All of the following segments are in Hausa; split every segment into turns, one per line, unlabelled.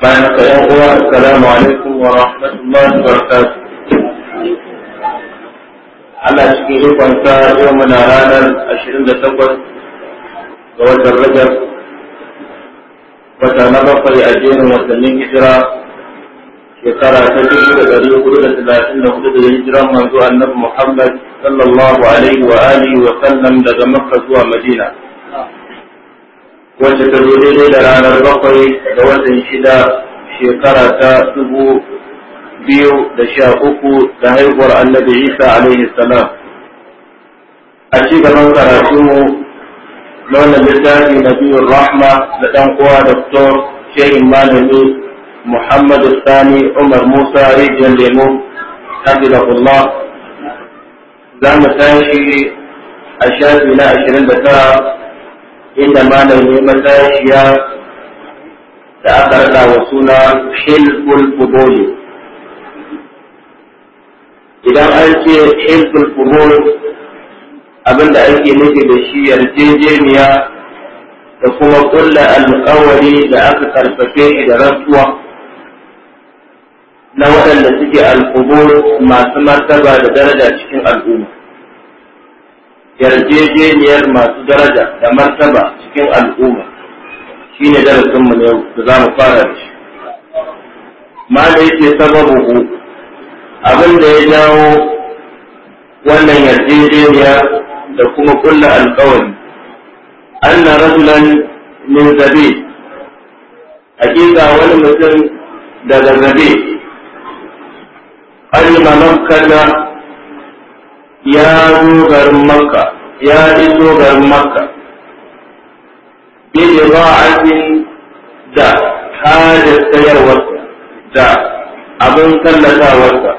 bayan ka yan uwa assalamu alaikum wa rahmatullahi wa barakatuh Allah cikin ikonsa yau muna ranar 28 ga watan Rajab wata na bakwai a jerin watannin hijira shekara ta dubu da ɗari hudu da talatin da hudu da hijiran manzo annabi Muhammad sallallahu alaihi wa wa sallam daga Makka zuwa Madina. wacce ta zo daidai da ranar bakwai ga watan shida shekara ta dubu biyu da sha uku da haihuwar annabi isa alaihi salam a ci gaban karatunmu na wannan littafi na biyun rahma da ɗan uwa doktor shehin malami muhammadu sani umar musa rijiyar lemo hafizahullah za mu tashi a shafi na ashirin da tara inda malam ne, matashiya da aka rada wa suna hilful fudoli idan an ce hilful fudoli abinda ake nufi da shi yarjejeniya da kuma kulla alkawari da aka karfafe shi da rantsuwa na waɗanda suke alkubur masu martaba da daraja cikin al'umma yarjejeniyar masu daraja da martaba cikin al'umma shi ne darasinmu ne da za mu fara da shi ma da yake sababu abin da ya jawo wannan yarjejeniya da kuma kulla alkawari anna rajulan min zabe hakika wani mutum daga zabe an yi ya zo garin makka ya iso garin makka bai ba ajin da hajar sayarwarsa da abin tallatawarsa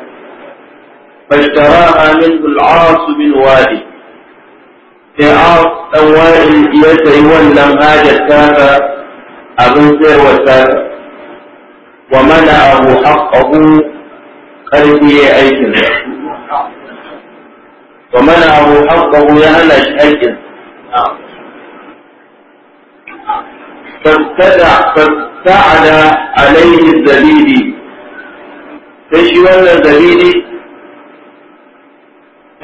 fashtara min al'as bin wadi sai as dan wadi ya sayi wannan hajar ga abin sayarwar tasa wa mana abu haqqahu karfi ya aikin wa mana abu haƙƙahu ya hana shi haƙƙin fasta'ada alaihi zabidi sai shi wannan zabidi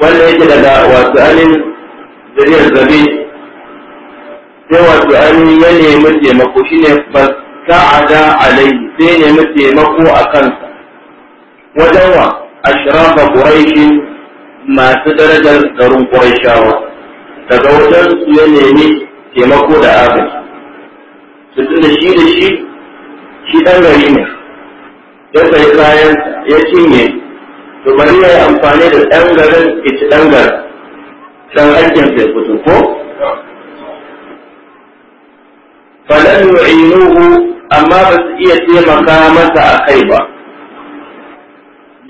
wanda yake daga wasu anin zariyar zabi sai wasu anin ya nemi taimako shi ne fasta'ada alaihi sai nemi taimako a kansa wajen wa ashrafa quraishin masu darajar garin shawar daga wajen su ya nemi taimako da agaji su tunda shi da shi shi ɗan gari ne ya sai kayan ya cinye to bari ya yi amfani da ɗan garin ita ɗan garin dan aikin sai fito ko falan yu'inuhu amma ba su iya taimaka masa a kai ba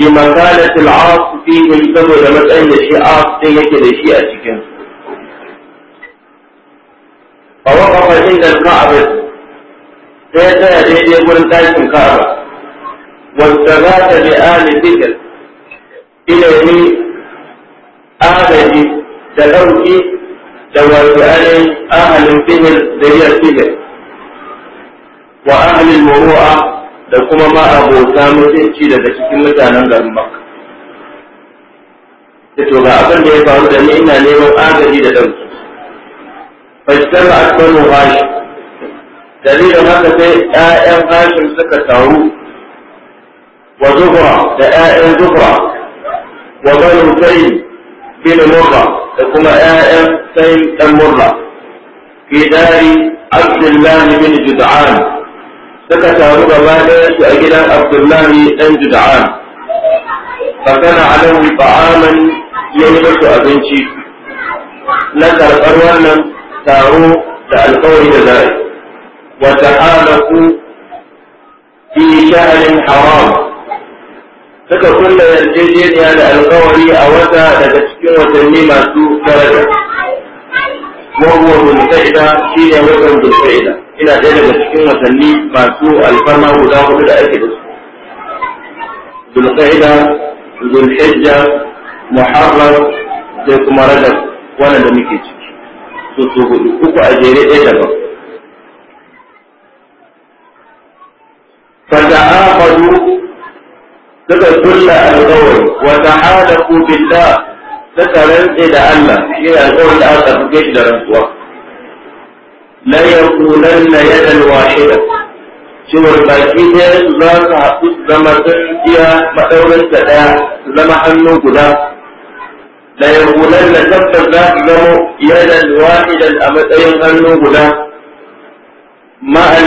بمقالة العاص فيه الفم لما تأني شيء عاص دي يكد شيء أشكا فوقف عند الكعبة فيتا يدي يقول انت عايز كعبة واستغاث بآل بكر إلى يمين آل بكر تلوكي علي أهل بكر ذريع الفكر وأهل المروءة da kuma ma'abota mutunci daga cikin mutanen garin Makka. Da to ga abin da ya faru da ni ina neman agaji da ɗauki. aka bano Hashi, dalilin haka sai ‘ya'yan hashin suka taru wa da ‘ya'yan Zuhra wa bano Sayyid bin Murra da kuma ‘ya'yan sai ɗan Murra. Fi dari Abdullahi bin Jud'an suka taru gaba ɗaya su a gidan Abdullahi ɗan Juda'an.
Fakana alahu ta'aman
ya yi musu abinci na karɓar wannan taro da alƙawari da zai, wa ku fi sha'anin haram suka kulla yarjejeniya da alƙawari a wata daga cikin watanni masu daraja.
ta Bulsa'ida shi ne watan Bulsa'ida. ina ɗaya daga cikin watanni
masu alfarma guda hudu da ake da su zulqaida Dulhijja, muharram sai kuma rajab wannan da muke ciki su su hudu uku a jere ɗaya daban fata'aqadu suka kulla alƙawari wa ta'alaku billah suka rantse da Allah shi ne alƙawarin da aka fi shi da rantsuwa la yakunanna yadan wahida cewar baki ɗaya za su haɗu zama tsintsiya maɗaurin ta ɗaya zama hannu guda la yakunanna tabbas za su zama yadan wahidan a matsayin hannu guda ma'al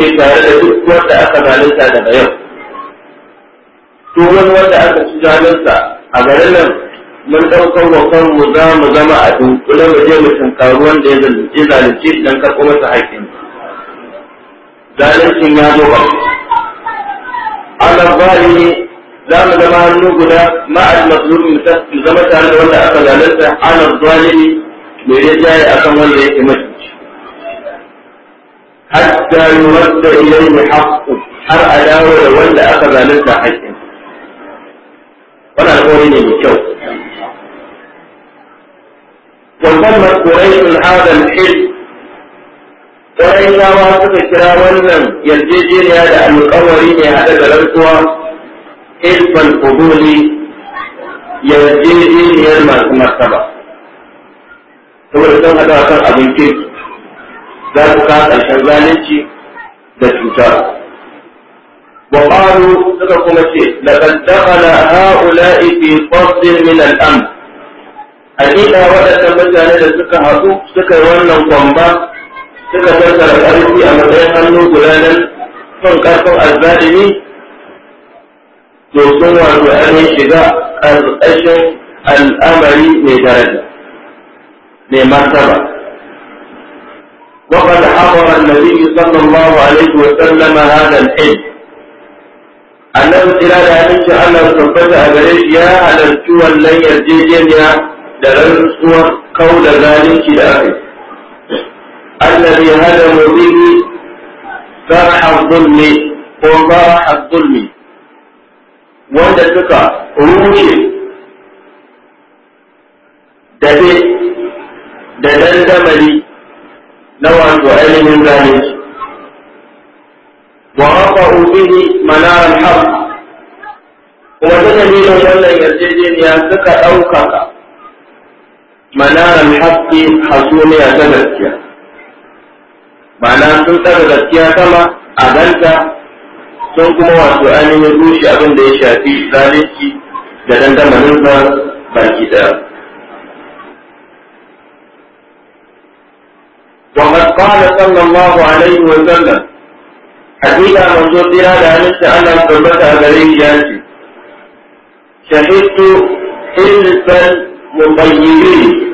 ne tare da duk wanda aka zalunta daga yau duk wani wanda aka ci zalunta a garin nan mun ɗaukar wa kanmu za mu zama a dunkule mu je mu tunkaru wanda ya zalunce zalunce dan karɓo masa haƙƙin zaluncin ya zo ba ala zalimi za mu zama hannu guda ma'al mazlumi mu zama tare da wanda aka zalunta ala zalimi mai rijaye akan wanda yake mace hatta yuwadda ilayhi haqqu har a dawo da wanda aka zalunta haƙƙin wannan alƙawari ne mai kyau وسمت قريش هذا الحلم قريشاwa suka kira wannan yarjejeniya da alƙawari ne haɗe da rantsuwa ilfan fuduli yarjejeniyar masu martaba saboda sun haɗu a kan abinci za su ka ƙarshen zalunci da cuta وقالوا suka kuma ce laqad dakhala ha'ula'i fi qasdin min al-amr hakika waɗannan mutane da suka haɗu suka yi wannan kwamba suka tattara ƙarfi a matsayin hannu guda nan son ƙarfin azzalimi to sun wato ainihin shiga ƙarƙashin al'amari mai daraja mai martaba وقد حضر النبي صلى الله عليه وسلم هذا الحلم أنه خلال أن الله ثبت أبريش يا على halarci wannan yarjejeniya. da rantsuwar kau da zalunci da aka yi hada hadamu bihi sarha zulmi ko sarha zulmi wanda suka rushe dabe da dandamali na wato ainihin zalunci wa rafa'u bihi manar al-haq kuma ta dalilin wannan yarjejeniya suka ɗaukaka Mananan haƙƙi hasuniya ta gaskiya. Bana sun saka gaskiya sama, abinda sun kuma wato amini ya gushi abinda ya shafi sadinci da dandamani zaɓe baki da. Wa ƙarfada tsangon magu a laifin wanzar da. zo sai ya halarci allon taimakon a gare shi ya ce. Tafaitu ina son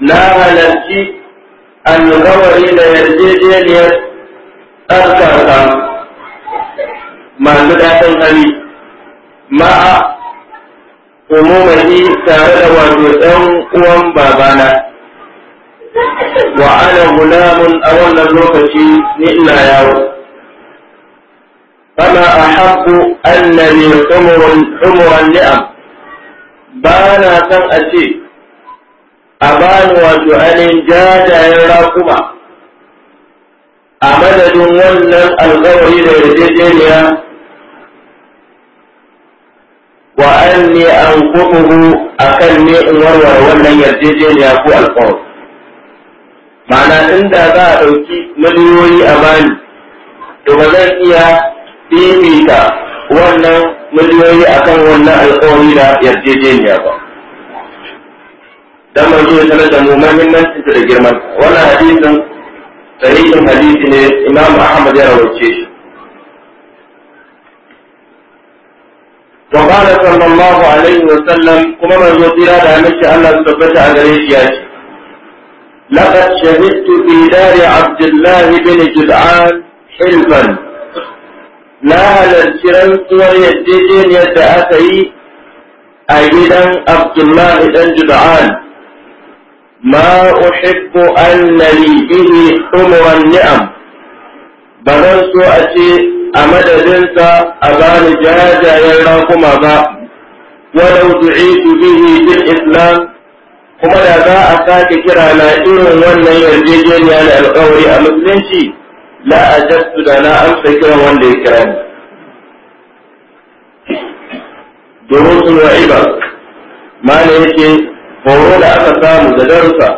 na halarci alkawari da yarjejeniyar tsarkaka masu daɗin hali ma'a umumati tare da wato ɗan uwan babana wa ana gulamun a wannan lokaci ni ina yawo فما أحب أن لي ni'am Ba na san a ce. a bani wato ainihin jajayen raƙuma a madadin wannan alƙawari da yarjejeniya wa an ne an a kan ne in warware wannan yarjejeniya ko alƙawari ma'ana inda za a ɗauki miliyoyi a bani to ba zan iya fifita wannan miliyoyi akan wannan alkawari da yarjejeniya ba dan manzo ya sanar da mu muhimmancin da girman wannan hadisin sahihin hadisi ne Imam Ahmad ya rawace shi وقال صلى الله عليه وسلم كما من يطير على مشي الله سبحانه على ياتي لقد شهدت في دار عبد الله بن جدعان حلفا لا هلالشرن صور يدين يدعى a gidan Abdullahi dan Juda'an ما أحب أن لي به حمر a بغن سوء أمد جنسا أبان جاجا يراكما با ولو دعيت به Islam. kuma da za a sake kira na irin wannan yarjejeniya da alkawari a musulunci la ajastu da na amsa kiran wanda ya kira ni durusul wa ibad mana yake horo da aka samu da darussa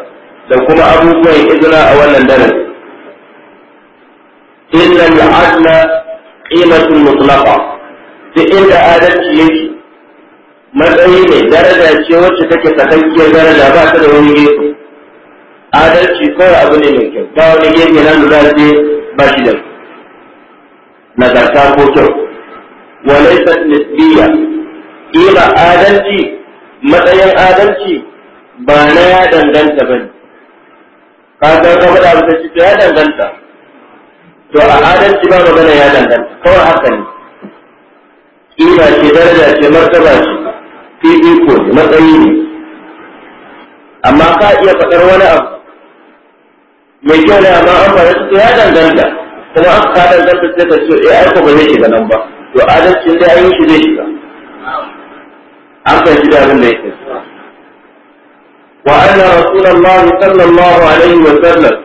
da kuma abubuwan izina a wannan darasi illa al'adla qimatun mutlaqa duk inda adalci yake matsayi ne daraja ce wacce take sakakkiyar daraja ba ta da wani gefe adalci kawai abu ne mai kyau ba wani gefe nan da za ba shi da nagarta ko kyau walaisat nisbiya ila adalci matsayin adalci ba na ya danganta ba ne ka ga ka faɗa ba sai ya danganta to a adalci ba magana ya danganta kawai haka ne kima ce daraja ce martaba ce fifiko ne matsayi ne amma ka iya faɗar wani abu mai kyau ne amma an faɗa ya danganta kuma an ka danganta sai ka ce ya eh, aiko ba zai shiga nan ba to adalci dai an yi shi zai shiga an shi da abin da yake وأنا رسول الله صلى الله عليه وسلم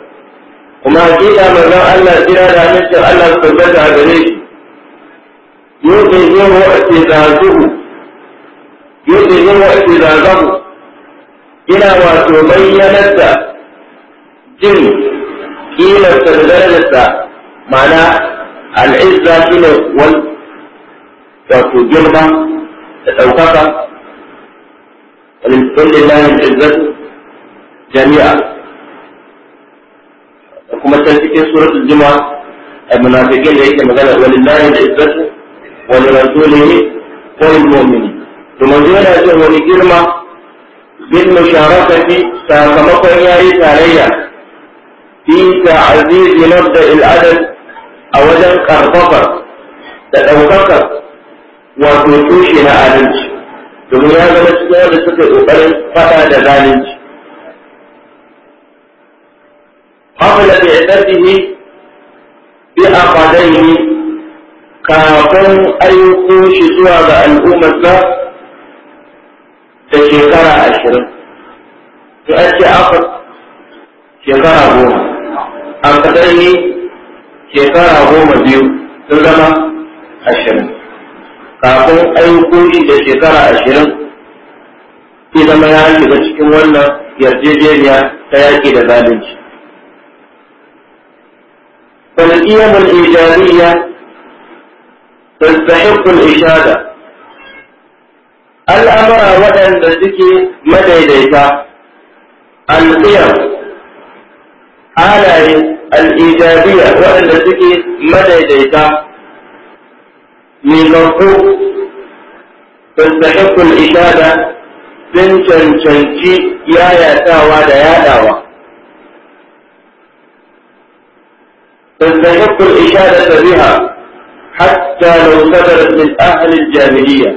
وما جينا من ألا جينا لا نجر ألا تبدع بليه يوضي من وقت يوضي من وقت ذاته إلى وتبينت جن إلى تبدلت معنى العزة جنة وال وتجربة تتوقفة ولله العزة جميعا kuma can cikin suratul juma'a a munafiqin da yake magana walillahi al-izzatu wa li rasulihi wa lil mu'minin to manzo yana cewa wani girma bil musharakati sakamakon yayi tarayya fi ta'zizi nabda a wajen karfafa da daukaka wato tushe na adalci domin ya zama cikin wanda suka yi ƙoƙarin faɗa da zalunci da qabla bi'datihi bi yi kafin ayyukun shi zuwa ga al'ummarsa da shekara ashirin to a ce aka shekara goma aqadaihi shekara goma biyu sun zama ashirin kafin aiko shi da shekara ashirin ya zama ya shiga cikin wannan yarjejeniya ta yaƙi da zalunci فالقيم الإيجابية تستحق الإشادة Al'amura waɗanda suke madaidaita القيم halaye al'ijabiya waɗanda suke madaidaita mai kanku tasahikul ishada din cancanci yaya da yaɗawa. tasahikul ishada ta biya hatta lau sadar ahalin jami'iyya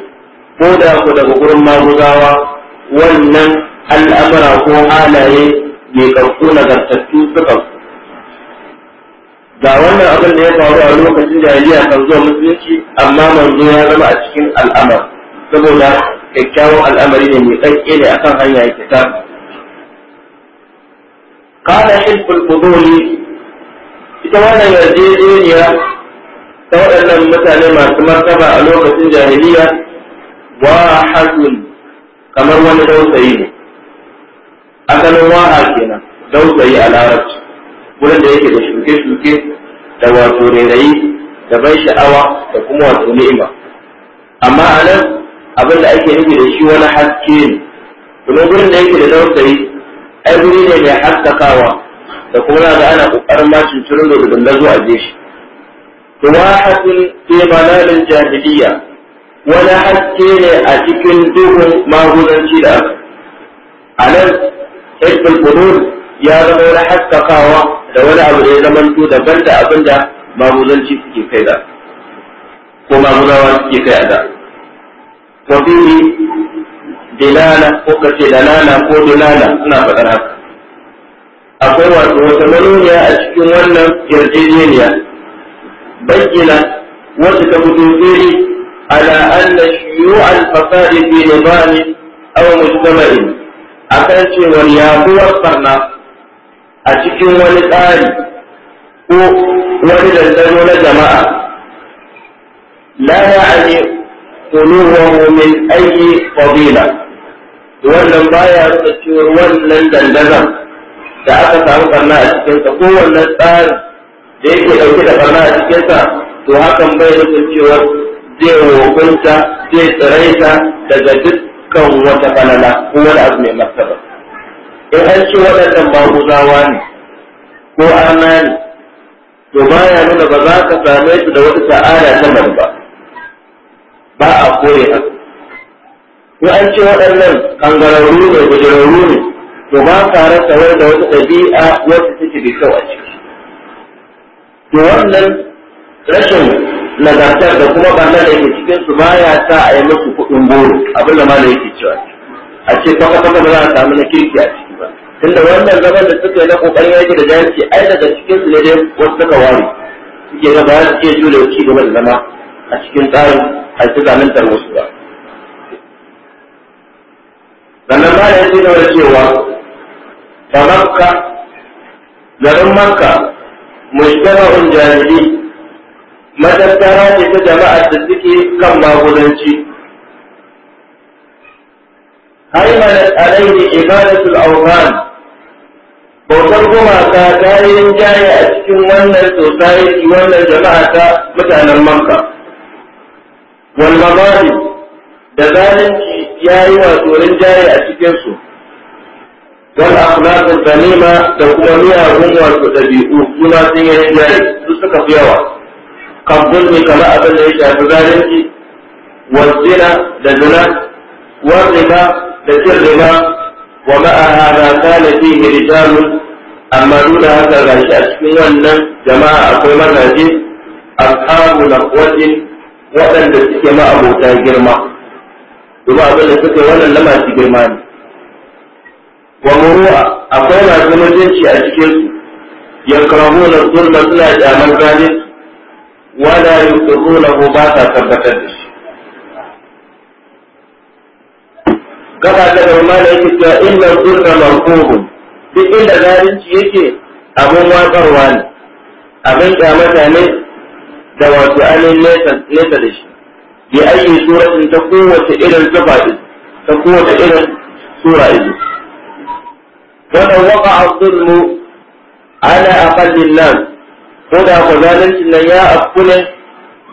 ko ku daga gurin maguzawa wannan al'amura ko halaye mai kanku nagartattu su kanku ga wannan abin da ya faru a lokacin jahiliya kan zuwa musulunci amma manzo ya zama a cikin al'amar saboda kyakkyawan al'amari ne mai tsakke ne akan hanya ya kita kada hilful fuduli ita wannan yarjejeniya ta waɗannan mutane masu martaba a lokacin jahiliya wahadun kamar wani dausayi ne asalin waha kenan dausayi a larabci wurin da yake da shi shuke-shuke da wato rairayi da ban sha'awa da kuma wato ni'ima amma a nan abin da ake nufi da shi wani haske ne kuma gurin da yake da dausayi ai guri ne mai haskakawa da kuma na ga ana kokarin ma cincirin da dundar zuwa je shi tuwahatun fi malalin jahiliya wani haske ne a cikin duhun magudanci da aka a nan ya zama wani haskakawa da wani abu da ya to daban da abin da mamuzanci suke kai da ko mamunawa suke kai a da ko fihi dinana ko kace dalala ko dinana suna faɗar haka akwai wato wata manoniya a cikin wannan yarjejeniya bayyana wata ta fito fili ala anna shuyu'al fasadi fi nizami aw mujtama'in akan cewa yaduwar barna a cikin wani tsari ko wani dandano na jama'a la ya'ani quluhu min ayyi fadila wannan baya nuna cewa wannan dandazon da aka samu karna a cikinsa ko wannan tsari da yake ɗauke da karna a cikinsa to hakan bai nufin cewa zai wokunta zai tsiraita daga dukkan wata falala ko wani abu mai martaba in an ce waɗannan maguzawa ne ko ana ne to ya nuna ba za ka same su da wata sa'ada ta nan ba ba a kore haka in an ce waɗannan kangararru ne bujirarru ne to ba ka rasa wai da wata ɗabi'a wata take da kyau a ciki to wannan rashin nagartar da kuma na da yake cikin su baya sa a yi musu kuɗin goro abin da ma da yake cewa a ce kwata ba za a samu na kirki a ciki tunda wannan zaman da suka yi na kokarin yaki da jahilci ai daga cikin su ne dai wasu suka ware suke ga bayan suke jure ci gaba da zama a cikin tsarin halittu zamantar wasu ba sannan ba da yake da cewa ba makka garin makka mujtama'un jahili matattara ne ta jama'ar da suke kan magudanci haimanar عليه ibadatul awhan bautar gumaka ta yi rinjaye a cikin wannan society wannan jama'a ta mutanen makka wal da zalunci ya yi wato rinjaye a cikinsu wal akhlaqul zalima da kuma miyagun wato dabi'u suna sun yi rinjaye su suka fi yawa kan gulmi kama abin da ya shafi zalunci wal da zina wal da cin ومع هذا كان فيه رجال amma duk da haka gashi a cikin wannan jama'a akwai mazaje ashabu laqwatin waɗanda suke ma'abota girma kuma abin suka yi wannan lama girma ne wa muru'a akwai masu mutunci a cikinsu, su yakrahuna zulma suna kyaman zalunci wala yuqirrunahu ba sa tabbatar da gaba ta da ma da yake cewa inna zulma manqubun duk inda zalunci yake abin watsarwa ne abin kyamata ne da wato ainihin nesa da shi bi ayi suratin ta kowace irin zufa ta kowace irin sura ido wanda waka azulmu ana aqallin nan ko da ku zalunci nan ya afku ne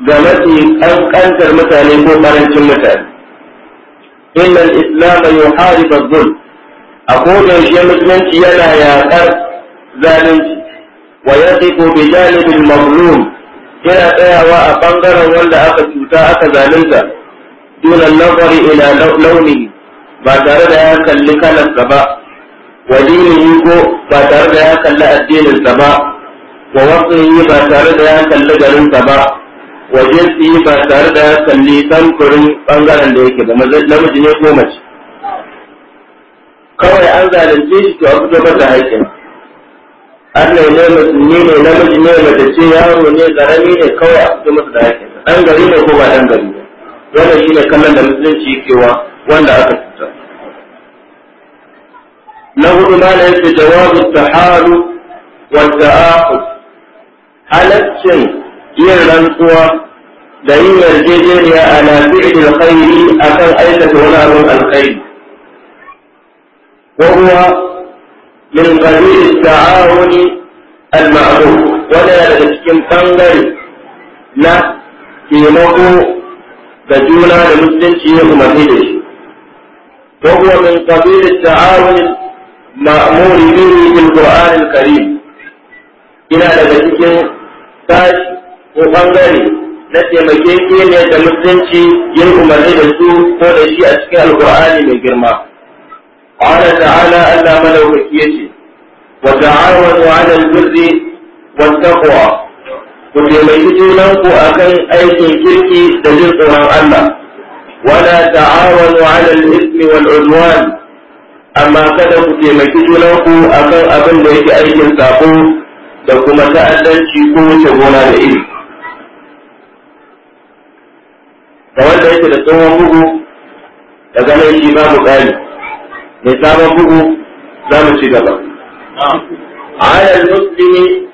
ga mafi ƙanƙantar mutane ko ƙarancin mutane inna al-islam yuharib adh-dhulm a kodayaushe musulunci yana yaƙar zalunci wa yaqifu bi janibil mazlum yana tsayawa a bangaren wanda aka cuta aka zalunta dunan nazari ila launi ba tare da ya kalli kalansa ba wa dinihi ko ba tare da ya kalli addininsa ba wa wasnihi ba tare da ya kalli garinsa ba wajen tsiyi ba tare da kalli samfurin bangaren da yake ba namiji ne ko mace kawai an zalunce shi to a fito da haƙƙin an ne ne musulmi ne namiji ne mace ce yaro ne zarami ne kawai a fito masa da haƙƙin an gari ne ko ba ɗan gari ne wannan ne kallon da musulunci wa wanda aka cuta na hudu ma da yake jawabu tahalu wa ta'ahud halaccin yin rantsuwa da yin yarjejeniya a alkhairi a akan aikata wani abin alkhairi wa kuma min qabil ta'awun al-ma'ruf wanda daga cikin bangare na taimako da juna da musulunci ya umarni da shi wa kuma min qabil ta'awun ma'mur bihi bil Qur'an al-Karim ina daga cikin tashi ko bangare na ne da musulunci yin umarni da su ko da shi a cikin alkur'ani mai girma qala ta'ala Allah ya yace wa ta'awanu 'alal birri wa taqwa ku taimaki junanku akan aikin kirki da jin tsoron Allah wala wahalar 'alal ismi wal 'udwan amma kada ku taimaki ku akan abin da yake aikin sako da kuma ta'addanci ko wuce gona da iri da wanda yake da tsohon bugu daga nan shi babu tsari, mai sabon bugu za mu ci gaba musulmi an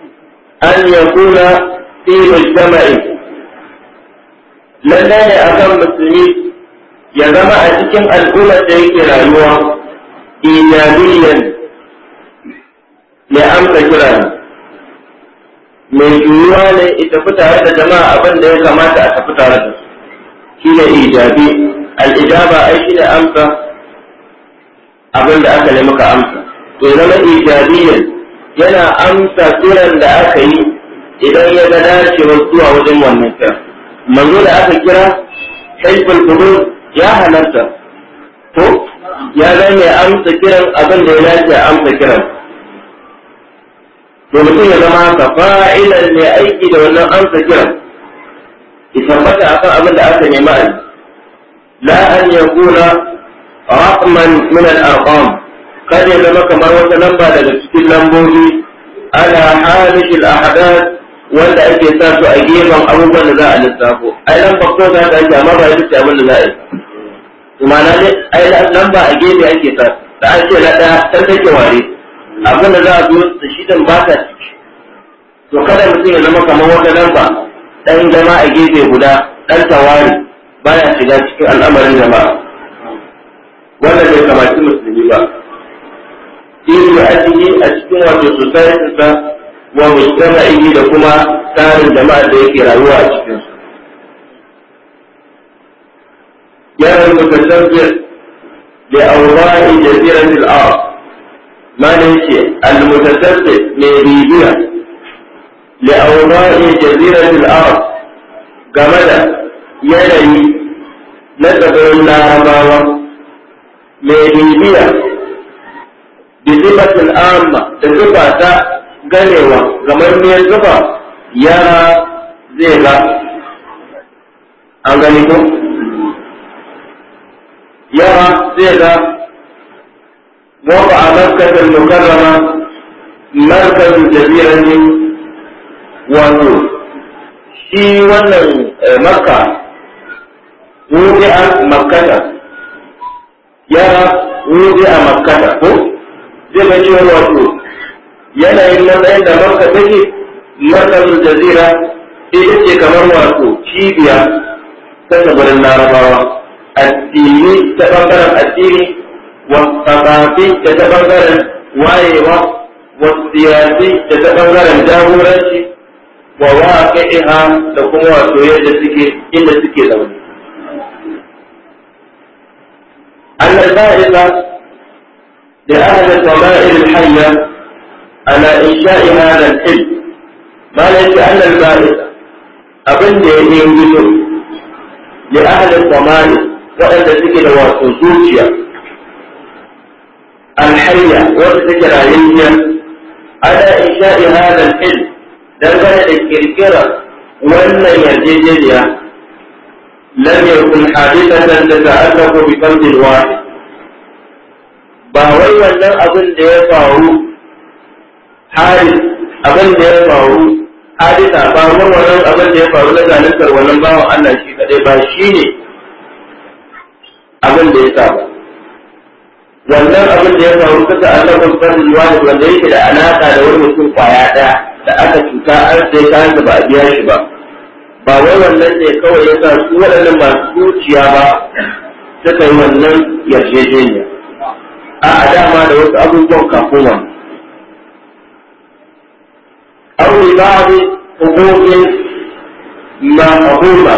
أن يكون في مجتمع lallai ne akan musulmi ya zama a cikin al'ummar da yake rayuwa ijabiyyan mai amsa kira mai juyuwa ne ita fi tare da jama'a abin da ya kamata a tafi tare da su shine ijabi al-ijaba ai shine amsa abin da aka nemi ka amsa to zama ijabiyyan yana amsa kiran da aka yi idan ya ga dacewar zuwa wajen wannan kiran manzo da aka kira hajjul qulub ya halarta to ya zama ya amsa kiran abin da ya dace amsa kiran to mutum ya zama haka fa'ilan ne aiki da wannan amsa kiran ki tabbata akan abin da aka nema a la an yakuna raqman min al-arqam kada ya zama kamar wata lamba daga cikin lambobi ala halihi al-ahdath wanda ake sa su a gefen abubuwan da za a lissafo ai lamba ko za ta ake amma ba ya ce abin da za a yi kuma na ne ai lamba a gefe ake sa da an ce na ɗaya ta take ware abin da za a zo da shi dan ba ta ciki to kada mutum ya zama kamar wata lamba dan zama a gefe guda dan tawari baya shiga cikin al'amarin jama'a wanda bai kamaci musulmi ba ilu ajiyi a cikin wato society sa wa mujtama'i da kuma tsarin jama'a da yake rayuwa a cikin su ya rubuta tafsir da awra'i jaziratil arab ma ne ce al-mutasabbib mai bibiya لأوضاع جزيرة الأرض game da yanayi na tsibirin larabawa mai bibiya da sifatin amma da zuba ta ganewa kamar mai zuba yara zai ga an gani ko zai a markazin mukarrama markazin jazirar wato shi wannan eh, makka wuri a makkata ya wuri a makkata ko zai ga cewa wato yanayin matsayin da makka take matsayin jazira ita ce kamar wato cibiya ta tsibirin larabawa addini ta bangaren addini wa tsakafi da ta bangaren wayewa wa siyasi da ta bangaren jagoranci wa waqi'iha da kuma wato yadda suke inda suke zaune annal ba'ida da ahli tawa'il al-hayya ala insha'i hadha al-hilm malaki al ba'ida abin da ya yi gido da ahli tawa'il qabail waɗanda suke da wato zuciya al-hayya wanda take rayuwa ala insha'i hadha al-hilm dangane da kirkirar wannan yarjejeniya lam yakun hadithatan da ta'allaqu bi fardin wahid ba wai wannan abin da ya faru hari abin da ya faru hadisa ba wannan abin da ya faru na zaluntar wannan bawan Allah shi kadai ba shine abin da ya faru wannan abin da ya faru kasa Allah bi fardin wahid wanda yake da alaka da wani mutum kwaya daya da aka cuta an sai ta hanyar ba a biya shi ba ba wai wannan ne kawai ya su waɗannan masu zuciya ba suka yi wannan yarjejeniya a a dama da wasu abubuwan kafin wa ba a hukumin ko kuma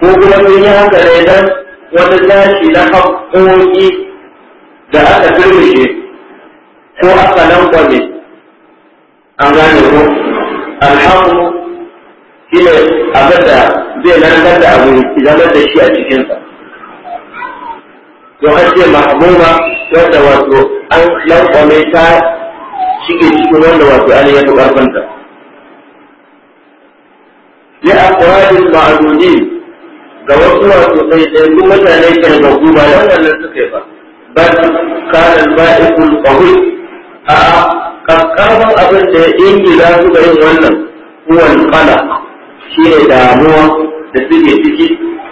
sun yi haka ne dan wani tashi na haƙoƙi da aka turmishe ko aka lankwame an gane ko alhamu shi ne abin da zai lantar da abu zama da shi a cikinsa don an ce mahabuma wanda wato an lankwame ta shige cikin wanda wato an yi ƙarfanta ya akwadin ma'adudi ga wasu wato sai sai duk mutane kan gabu ba da wannan suka yi ba ba kana al-ba'iqul qawi a kakkarfan abin da ya ingila su ga yin wannan kuwan kala shi ne damuwa da suke ciki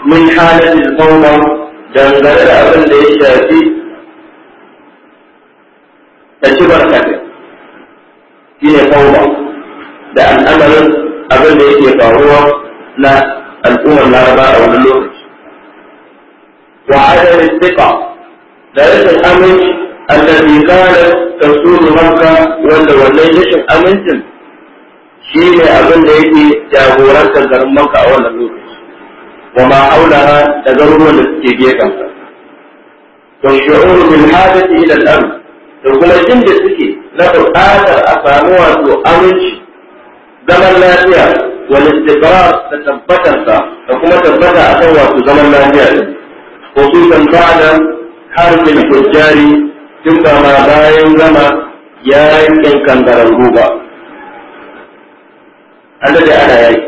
min halin kauma dangane da abin da ya shafi ta ci barkatai shi ne kauma da al'amarin abin da yake faruwa na al'ummar laraba a wani lokaci wa adalin tsika da rashin aminci allazi kana tasuru makka wanda wannan rashin amincin shi ne abin da yake jagorantar garin makka a wannan lokaci wa ma haulaha da garuruwan da suke gefensa don shi'uru bil hadati ila al-amn da kuma jin da suke na buƙatar a samu wato aminci zaman lafiya wal istiqrar da tabbatarsa da kuma tabbata a kan wato zaman lafiya din ba da harbin hujjari tun ba ma bayan zama yankin kangarangu ba an da ana yaki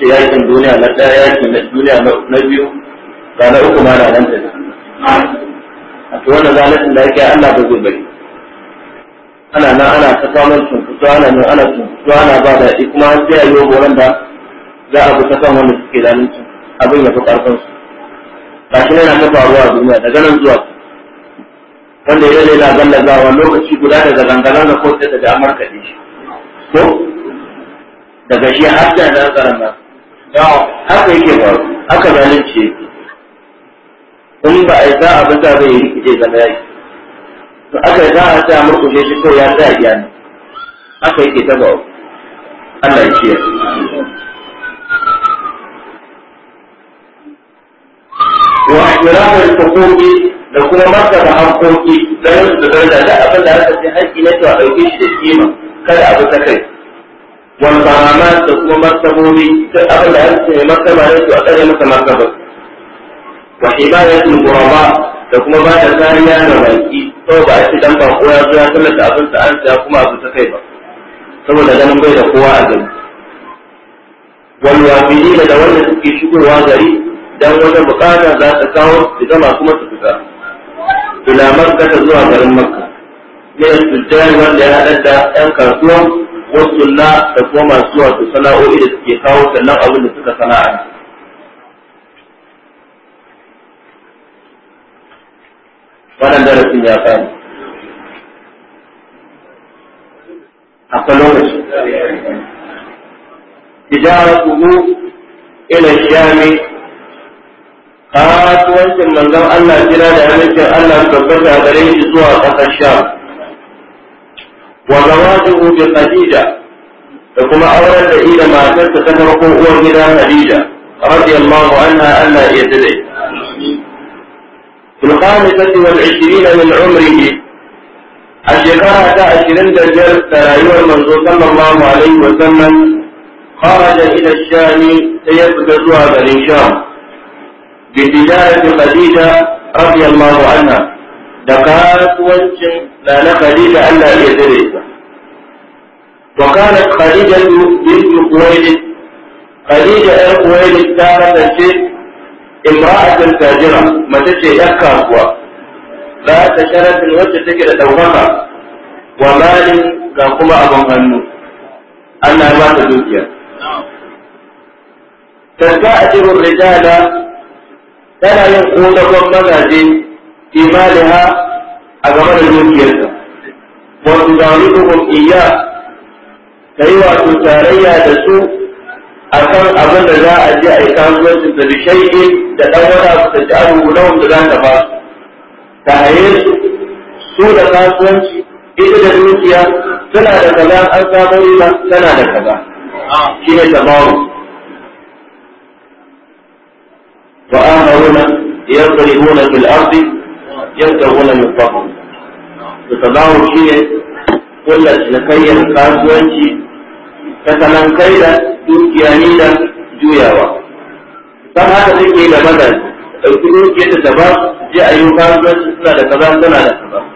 ce yakin duniya na ɗaya yakin na duniya na biyu ba na uku ma na nan da a to wannan zalatin da yake Allah ba zai bari ana nan ana ta samun tunkutu ana nan ana tunkutu ana ba da kuma sai a yi wa da za a bi ta kan wanda suke abin ya fi ƙarfinsu ba shi ta faruwa a duniya daga nan zuwa wanda ya laila zawa lokaci guda daga zangalan da kotu daga amurka ne shi ko daga shi har da na tsaron nan haka yake ba haka zalunci yake in ba a yi za a zai yi rikice zama yaki to aka yi za a sa murkushe shi kawai ya tsaya iya ne haka yake ta ba Allah ya ce wa ihtiramul huquqi da kuma martaba da su da daraja da abin da aka ce haƙƙi na to a ɗauke shi da kima kada abu ta kai wal baramat da kuma martabobi duk abin da aka ce martaba ne to a tsare masa martaba wa himayatul ghuraba da kuma ba da kariya ga baki saboda a ce dan ba ko ya zo sa kuma abu ta kai ba saboda ganin bai da kowa a gari wal wafidi da wanda suke shigowa gari dan wata bukata za ta kawo su gama kuma su fita ila makka ta zuwa garin makka su tujjari wanda ya haɗar da yan kasuwa wasu na da kuma masu wato sana'o'i da suke kawo sannan abin da suka sana'a wannan darasin ya faru akwai lokaci tijaratuhu ila shami kasuwancin manzon Allah jira da amincin Allah tabbata gare shi zuwa ƙasar Sham wa zawajuhu bi Khadija da kuma auren da ida matarsa ta farko uwar gida Khadija radiyallahu anha Allah ya dade في الخامسة والعشرين da عمره الشكارة عشرين دجال ترايو المنزو صلى الله عليه وسلم خرج إلى الشام سيبدأ zuwa بن شام بتجارة خديجة رضي الله عنها دكات وانشن لان خديجة ألا يدريك وكانت خديجة بنت خويلد خديجة أر خويلد تارة الشيء امرأة تاجرة ما تشي أكاكوا ذات شرف وجه تكر دوغها ومال كما أبو غنو أنها ما تدوكيا تستأجر الرجال tana yin ƙodagon mazaje imaliha a game da dukiyarsa wasu zaune kuma iya ta yi wato tarayya da su a kan abin da za a je a yi kasuwanci da bishayi da ɗan wata su ta ci abu guda wanda za ta ba su ta haye su su da kasuwanci ita da dukiya tana da kaza an samu riba tana da kaza shi ne tabawu وآخرون يضربون في الأرض يبتغون من فضل تتضاهر شيء كل لكي kasuwanci ta kai da dukiyani da juyawa san haka suke da maza ɗauki dukiyar da daban je a yi kasuwanci suna da kaza suna da kaza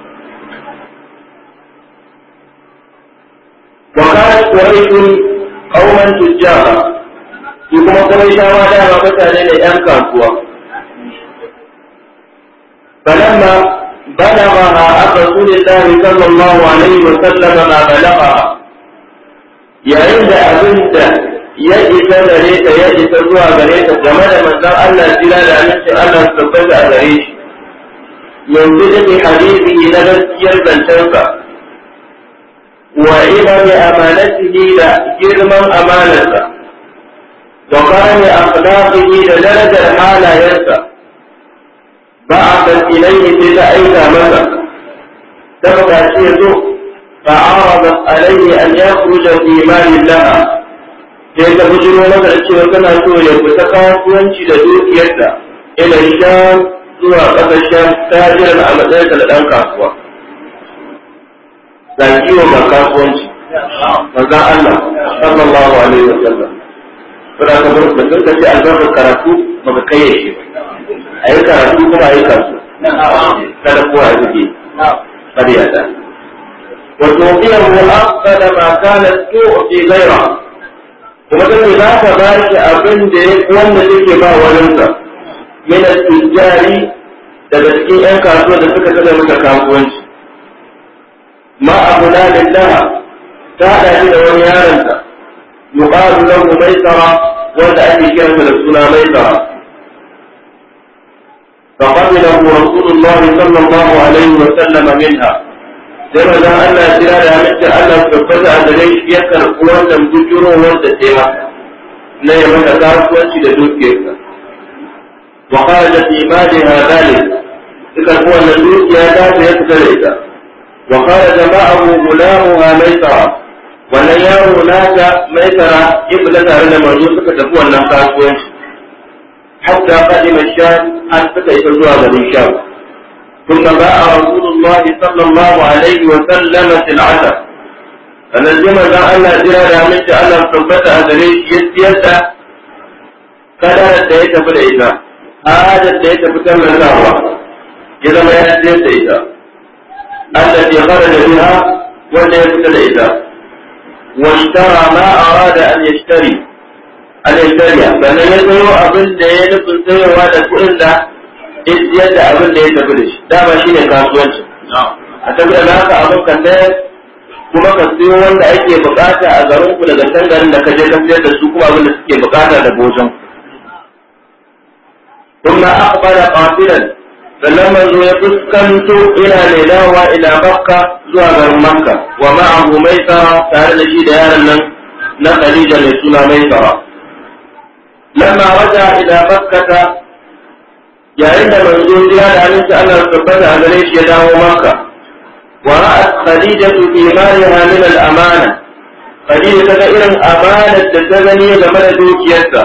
وكانت قريش قوما تجارا shi kuma ƙuraishawa dama mutane ne ‘yan kasuwa. Falamma بلغها عن رسول الله صلى الله عليه وسلم ما بلغها يا عند أبنت ya isa gare ta ya isa zuwa gare ta game da manzon Allah jira da aminci Allah su tabbata a gare shi yanzu take hadisi na gaskiyar zancensa wa ila bi amanatihi da girman amanarsa
da bani akhlaqihi
da darajar halayensa ba'athat ilayhi sai ta aika masa ta bukaci ya zo fa'aradat alayhi an na fi malillaha sai ta bujiro masa da cewa kana so ya fita kasuwanci da dukiyarta ila sham zuwa ƙasar sham tajiran a matsayinsa da ɗan kasuwa ga Allah suna ka bar da sun kace albarkar karatu ba ka kai yake a yi karatu kuma a yi karatu. kada kowa ya zuke kada ya da wa tuqiyahu afdal ma kanat tu'ti ghayra kuma sai za ka ba shi abin da ya wanda take ba walinsa min al-tijari daga cikin yan kasuwa da suka kada maka kasuwanci ma abu na ta haɗa shi da wani yaronta يقال له ميسرة ولأي كامل السنة ميسرة فقبله رسول الله صلى الله عليه وسلم منها جمد أن أسلال أمت أن أفتفت أدري يكر قوه لم تجروا وزتها لا يمت أتعرف أنت وقال في مالها ذلك ذكر قوان لدوك يا ذات يكتريك وقال جماعه غلامها ميسرة wannan yaro nata mai tara ibla tare da manzo suka tafi wannan kasuwanci hatta qadima sham an suka yi zuwa garin sham ثم باع رسول الله صلى الله عليه وسلم سلعته فنزم ذا أن جرى رامت أن الصبة أدريش يسيسة قدرت ديت بالعيدة آه، هذا ديت بكم الله إذا ما يسيسة التي خرج بها ولا يسيسة واشترى ما أراد أن يشتري أن يشتري فأنا يدعو أبن دي نفن سيوى هذا كل ya إذ da أبن Dama تبلش ده ما شيني كاسوانش أتبقى لك أبن كندس kuma ka sayo wanda ake bukata a garin ku daga can garin da ka je ka siyar da su kuma abin da suke bukata da bojan. Kuma akbara qatilan sannan manzo ya fuskanto ina mai dawowa ila makka zuwa garin makka wa ma'ahu maisara tare da shi da yaron nan na khadija mai suna maisara lamma waja ila makkata yayin da manzo ya da aminci Allah tabbata a gare shi ya dawo makka
wa ra'at khadija fi maliha min amana
khadija ta ga irin amanar da ta gani game da dukiyarsa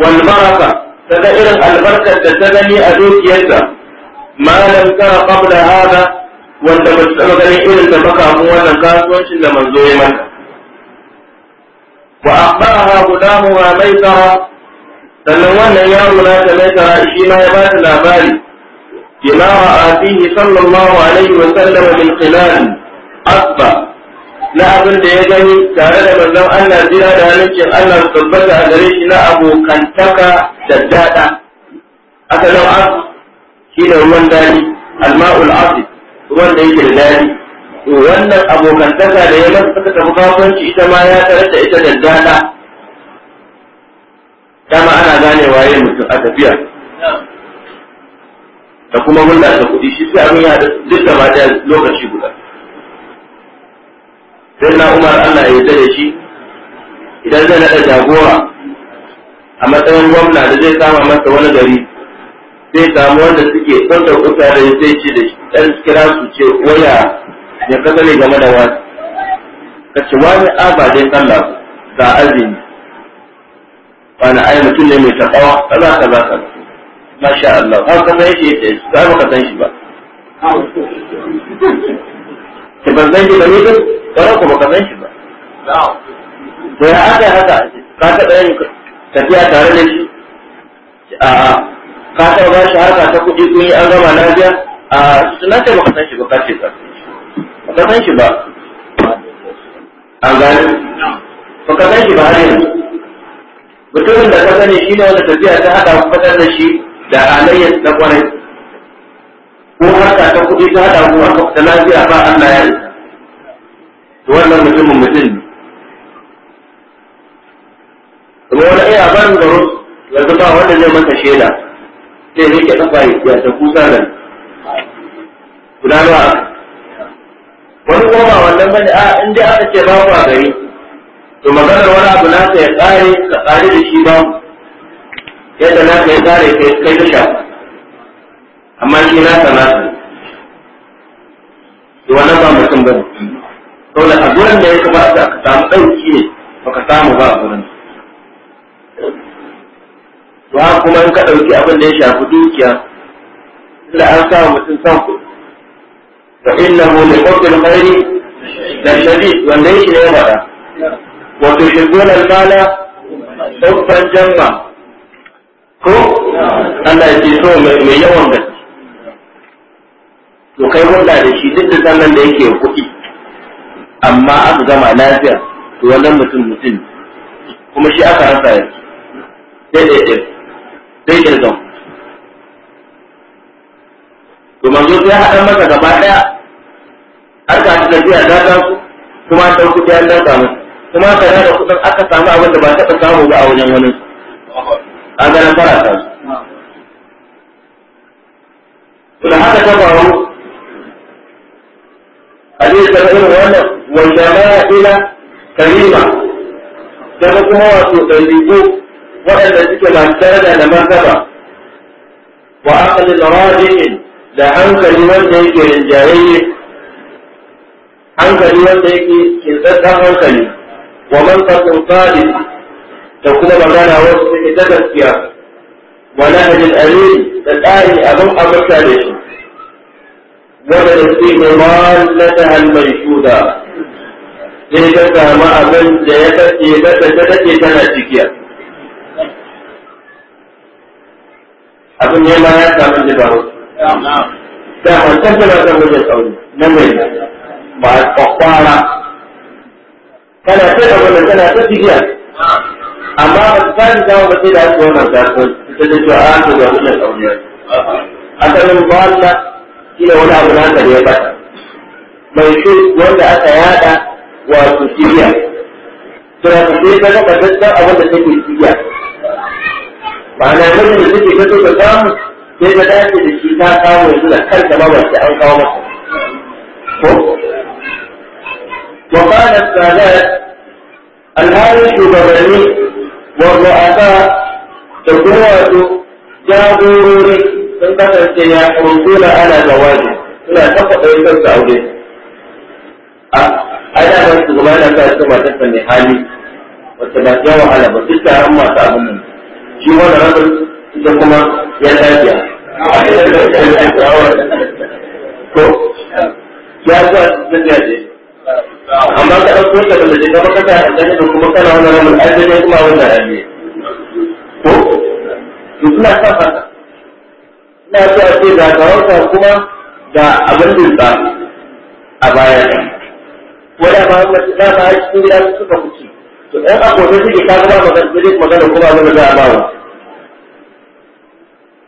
wal maraka ta ga irin albarkar da ta gani a dukiyarsa malam kana qabla hada
wanda ba su taba ganin irin da baka mu wannan
kasuwancin da manzo ya mata wa akhbaraha gudamuha maisara sannan wannan yaro na ta maisara shi ma ya bata labari bima ra'a fihi sallallahu alaihi wa sallam min khilal asba na abin da ya gani tare da manzon Allah jira da halittar Allah su tabbata a gare shi na abokantaka da daɗa da abu shi da ruwan dadi alma'ul asid ruwan da yake da dadi to wannan abokantaka da ya masa ta tafi kafanci ita ma ya tare da ita da daɗa dama ana gane waye mutum a tafiya da kuma hulɗa da kuɗi shi sai abin ya duk da mata lokaci guda sai na umar allah ya yarda da shi idan zai naɗa jagora a matsayin gwamna da zai kama masa wani gari zai samu wanda suke sautar kusa da ya sai ce da ɗan kira su ce waya ya kasale game da wani ka ce wani ababen allah ga azumi wani ai mutum ne mai taɓawa kaza kaza kaza masha Allah har ka san shi yake ba ka san shi ba ki ban san shi ba ne kare ku ka san shi ba to ya aka haka ka taɓa yin tafiya tare da shi a ka taɓa ba shi harka ta kuɗi kun yi an gama lafiya a suna ce baka san shi ba ka ce ka baka san shi ba an gane baka san shi ba har yanzu mutumin da ka sani shi ne wanda tafiya ta haɗa ku fitar da shi da halayyar na kwarai ko harka ta kuɗi ta haɗa ku harka ta lafiya ba Allah ya yi wannan mutumin mutum ne kuma wani iya ban da yanzu ba wanda zai masa shela sai ne ke kafa ya ta kusa da guda ba wani kuma ba wannan bane a in dai aka ce ba ku a gari to maganar wani abu na ya kare ka ƙare da shi ba yadda na ya tsare kai kai da shafa amma shi na ta na to wannan ba mutum bane saboda a gurin da ya kuma kamata ka samu ɗauki ne baka samu ba a gurin to haka kuma in ka ɗauki abin da ya shafi dukiya inda an samu mutum san kuɗi wa innahu li hubbil khairi da shadid wanda yake ne mara wato tuhibbuna al-mala hubban jamma ko Allah ya ce so mai yawan gaske to kai wanda da shi duk da sannan da yake kuɗi amma aka gama lafiya to wannan mutum mutum kuma shi aka rasa yanzu sai da ɗin sai da zan to manzo sai haɗa masa gaba ɗaya har ka ta tafiya ta taso kuma ta kuɗi an danka musu kuma ka da kuɗin aka samu abin da ba taɓa samu ba a wajen wani an ga fara ta to da haka ta faru hadisi ta irin wannan wa jama'ila karima da kuma wato ɗabi'u waɗanda suke ba tare da martaba wa aqli rajihin da hankali wanda yake rinjaye hankali wanda yake kintsatsan hankali wa man manfatin sadid da kuma magana wasu suke ta gaskiya wa nahjin amin da tsari abin abarta da shi wanda da suke mai mallata halmai shuda sai ta samu abin da ya dace dace ta ke tana cikiya abin ne ma ya samu jibaru da wancan da ta wajen sauri na mai ba kwakwara kana ta da wannan tana ta cikiya amma ba su ta samu ba sai da aka wannan zafin ita da a an ta ga wajen sauri asalin ba Allah shi ne wani abu na ya bata mai shi wanda aka yada wato siriya sai ka sai ka ga dadda abin da take siriya ma'ana wanda da take ka so ka samu sai ta dace da shi ta kawo yanzu da karka ba wacce an kawo masa ko wa kana salat alhalin shugabanni wa ru'asa da kuma wato jagorori sun kasance ya kurkula ana zawaji suna ta faɗa kansu aure ai da ban su zama yana sa su matar sa hali wacce ba ta wahala ba duk da amma masu abin nan shi wani rabin ita kuma ya lafiya ko ya sa sun gaje amma ka ɗauko ta da shi gaba kasa a ɗan da kuma kana wani rabin ai da kuma wannan rabi ko to suna sa fata ina so a ce da ga kuma da abin da a baya wala ma ruwa da ma a cikin gida suka kuce to ɗan abokan suke ka zama magana zai magana ba mu da za a bawa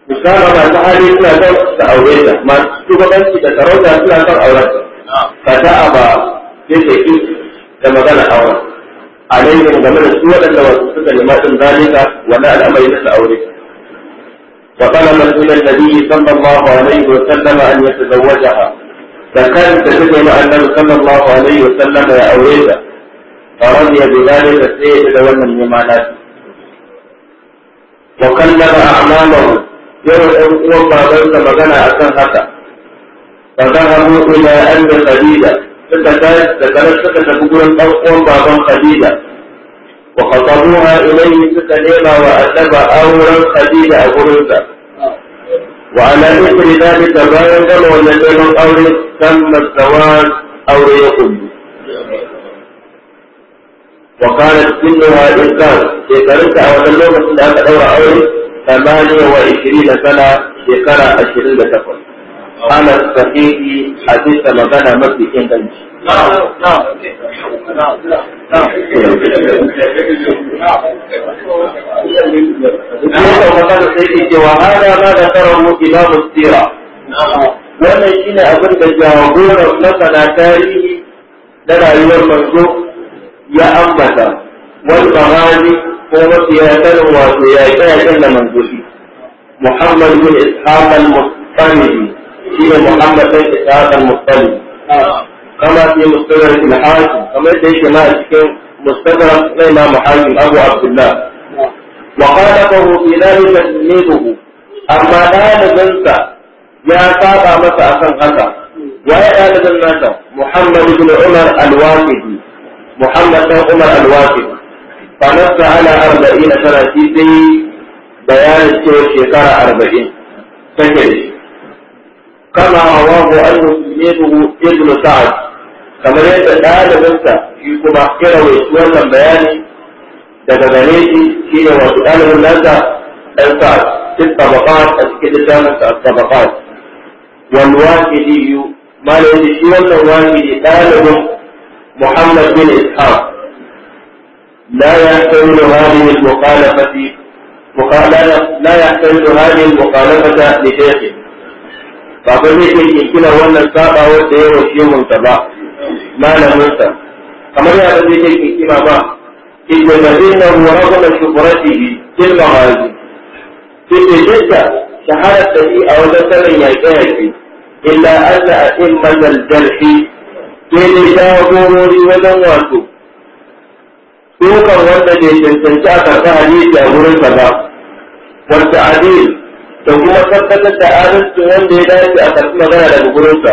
misali masu hali suna son su aure ta masu shugabanci da sarauta suna a auren ta ka ta a ba yake da magana auren alaihim game da su waɗanda wasu suka nema ɗin zalika wani al'amari na aure فطلبت إلى النبي صلى الله عليه وسلم أن يتزوجها تكاد تشكل أنه صلى الله عليه وسلم يا أوليدا فرضي بذلك السيد دون اليمانات وكلم أعماله يوم وما بين مغنى أسان حتى فذهبوا إلى أن خديجة فتكاد تقول أقوم بابا خديدة وخطبوها إليه سكنيما وأتبع أورا خديدة أبو
وعلى ذكر ذلك bayan gama wannan neman aure
sannan zawar aure ya kullu wa kanat sinnuha insan shekarunta a wannan lokacin da aka ɗaura aure ثمانية shekara سنة شكرا عشرين لتقل على الصحيح حديث مغنى مبدئ إنجلش نعم
نعم نعم
نعم وهذا ما ذكره إمام السيرة wannan shi ne abin da jagoran masana tarihi na rayuwar manzo ya ambata wani bahani ko mafiyatar wato ya yi tsayayen da manzo shi muhammad bin ishaq al-mustani shi ne muhammad bin ishaq al-mustani kama fi mustadrak al-hakim kamar da yake ma a cikin mustadrak na Imam Hakim Abu Abdullah wa qalabahu fi dhalika tilmiduhu amma ɗalibinsa ya saba masa akan haka ya ɗalibin nasa Muhammad ibn Umar al-Waqidi Muhammad ibn Umar al-Waqidi fa nasta ala 40 sana shi sai bayanin cewa shekara 40 take kama rawahu an-Muslimu ibn Sa'd kamar yadda ɗalibinsa shi kuma ya rawaitu wannan bayani daga gare shi shi ne wasu ɗalibin nasa ɗan sa cikin tabaqat a cikin littafin sa wani ne wahidi mana yadda shi wannan wani ne ɗalibin Muhammad bin Ishaq la ya ya kai kai da da wani ne la yahtawilu hadhihi al-muqalafati مقالة لا ba هذه المخالفة لشيخه فقد يمكن كلا وانا الساقة والدير والشيء منتبع malaminsa kamar ya zai yake kima ba inda da wa rabbana shukratihi til mawazi kike jinta shahara da shi a wajen sanin yaƙe yaƙe illa anna a'immat al-jarhi ke ne jagorori wajen wato dukan wanda ne cancanci a karɓi hadisi a gurinsa ba wata adil da kuma tabbatar da adalci wanda ya dace a karɓi magana daga gurinsa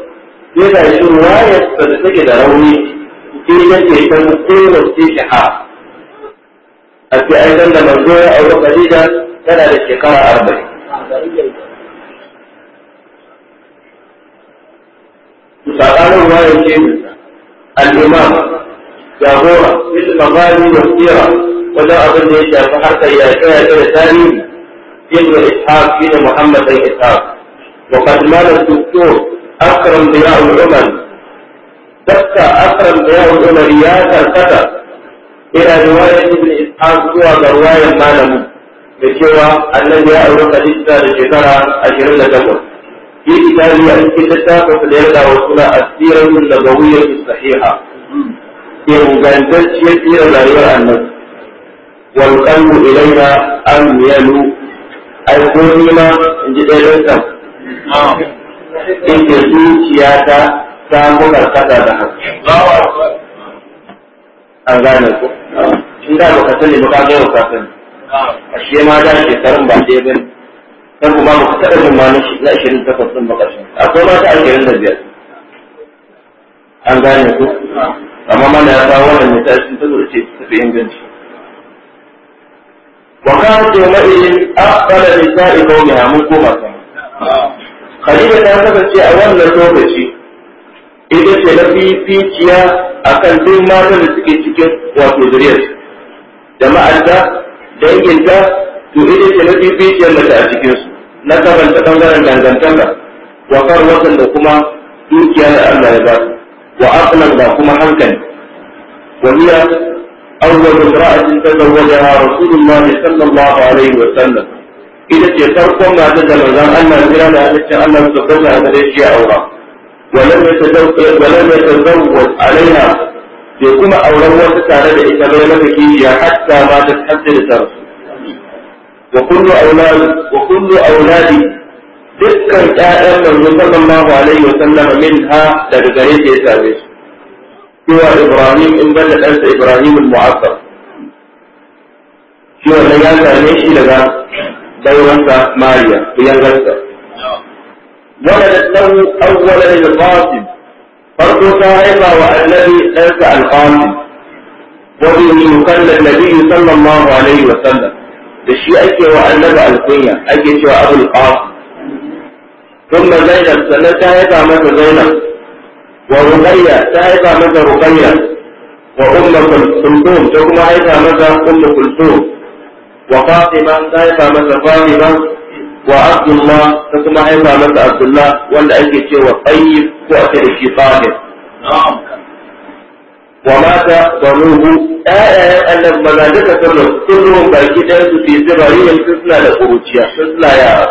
sai da shi ruwayar da take da rauni sai ya ce ta kowa siha a ce ai dan da manzo ya aure Khadija tana da shekara arba'in. Misalan ruwayar ce al-imam jagora bil magani wa sira wajen abin da ya shafi harkar yaƙe-yaƙe da tarihi yin da ishaq shi ne muhammad dan ishaq wa kadmalar doktor akram da yawon umar dakka akram da umar ya karkata ina da wayan ibn ishaq zuwa ga wayan malamu da cewa annabi ya aure ka da shekara a yi idan ya yi ta ta ko da yarda wa suna asirun da bawiyyah sahiha ingantacciyar tsira rayuwar annabi wal qalbu ilayna am yalu ai ko ni ma inji dai ta. yake zuciya ta samu karkata da haske. An gane ku. In da baka sani ba ka ga yau ka sani. Ashe ma da shekarun ba ɗaya ba ne. Kan kuma ku taɗa jin ma na ashirin takwas ɗin ba ƙarshen. Akwai mata ashirin da biyar. An gane ku. Amma mana ya kawo wannan misali sun tazo da ce tafi inganci. وكانت يومئذ أقبل نساء قومها من قومها Khadija ta kasance a wannan lokaci ita ce na fificiya a kan duk matan da suke cikin wato zuriyar jama'ar ta danginta to ita ce na fificiyar mace a cikinsu na sabanta bangaren dangantaka wa watan da kuma dukiya da Allah ya ba wa aqlan da kuma hankali wa hiya awwal imra'atin tazawwajaha rasulullahi sallallahu alaihi wa sallam ita ce farkon matar da manzon Allah jira da halittar Allah su kalla a gare shi aura walam ya tazawwaj alaiha bai kuma auren wata tare da ita bai maka kishiya hatta ma ta haddada ta rasu wa kullu auladi wa kullu auladi dukkan ƴaƴan manzo sallallahu alaihi wa sallam minha daga gare ta ya same su cewa Ibrahim in banda ɗansa Ibrahim al-Mu'azzar shi wannan ya same shi daga Lauransa Mariya filarransa. Wani da ɗan al'umma na da Farko ta haifawa Allelu ɗaya ga al'fahamu. Wani muƙalla na biyu sallan ma wa sallar, da shi a wa Allelu al-sunya a ke ci wa abin ɓarfu. Gwamnan ta haifa musu Wa Rukaiyya ta haifa musu Rukaiyya wa umar kuskuntun, ta kuma haifar da za su kumbu kuskuntun. وفاطمة تايفا من فاطمة وعبد الله تكما ايفا من عبد الله ولا ايكي تشوى طيب وأكل في طاهر نعم ومات ضروه آية أن الملائكة كلهم باكدا في سرعين تسلى لقروتيا تسلى يا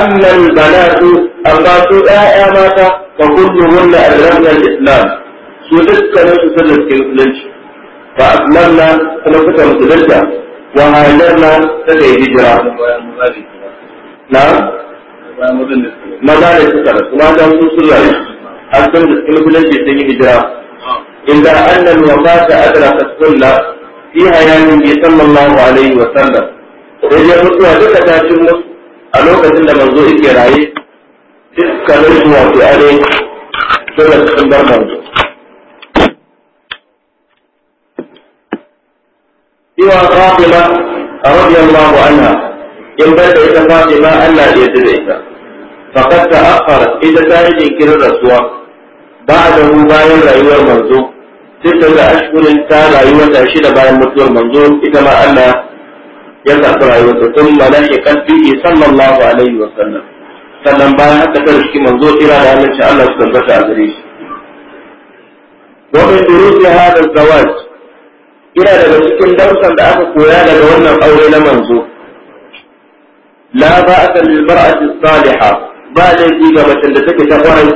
أما البنات أما آية مات فكلهن أدركنا الإسلام سودت كانت سلسكين fa aslamna kuma suka musulunta wa hajarna suka yi hijira na maza ne suka rasu mata sun sun rayu an sun da suka musulunci sun yi hijira inda annan wafata adraka kulla fi hayanin bi sallallahu alaihi wa sallam sai ya mutuwa duka ta cin musu a lokacin da manzo yake raye dukkanin su wato ainihin sun rasu sun manzo cewa Fatima radiyallahu anha in bar da ita Fatima Allah ya yarda da ita ta ta'akhkhara ita ta yi jinkirin rasuwa ba'dahu bayan rayuwar manzo sai da ashkurin ta rayuwa ta shida bayan mutuwar manzo ita ma Allah ya karɓi rayuwarsa sun malaƙi kalbihi sallallahu alaihi wa sallam sannan bayan haka ta riski manzo tsira da hannun Allah su tabbata a gare shi. Wa min durusi hada zawaj yana daga cikin darsan da aka koya daga wannan aure na manzo la ba'sa lil mar'ati salihah ba laifi ga macen da take ta kwarai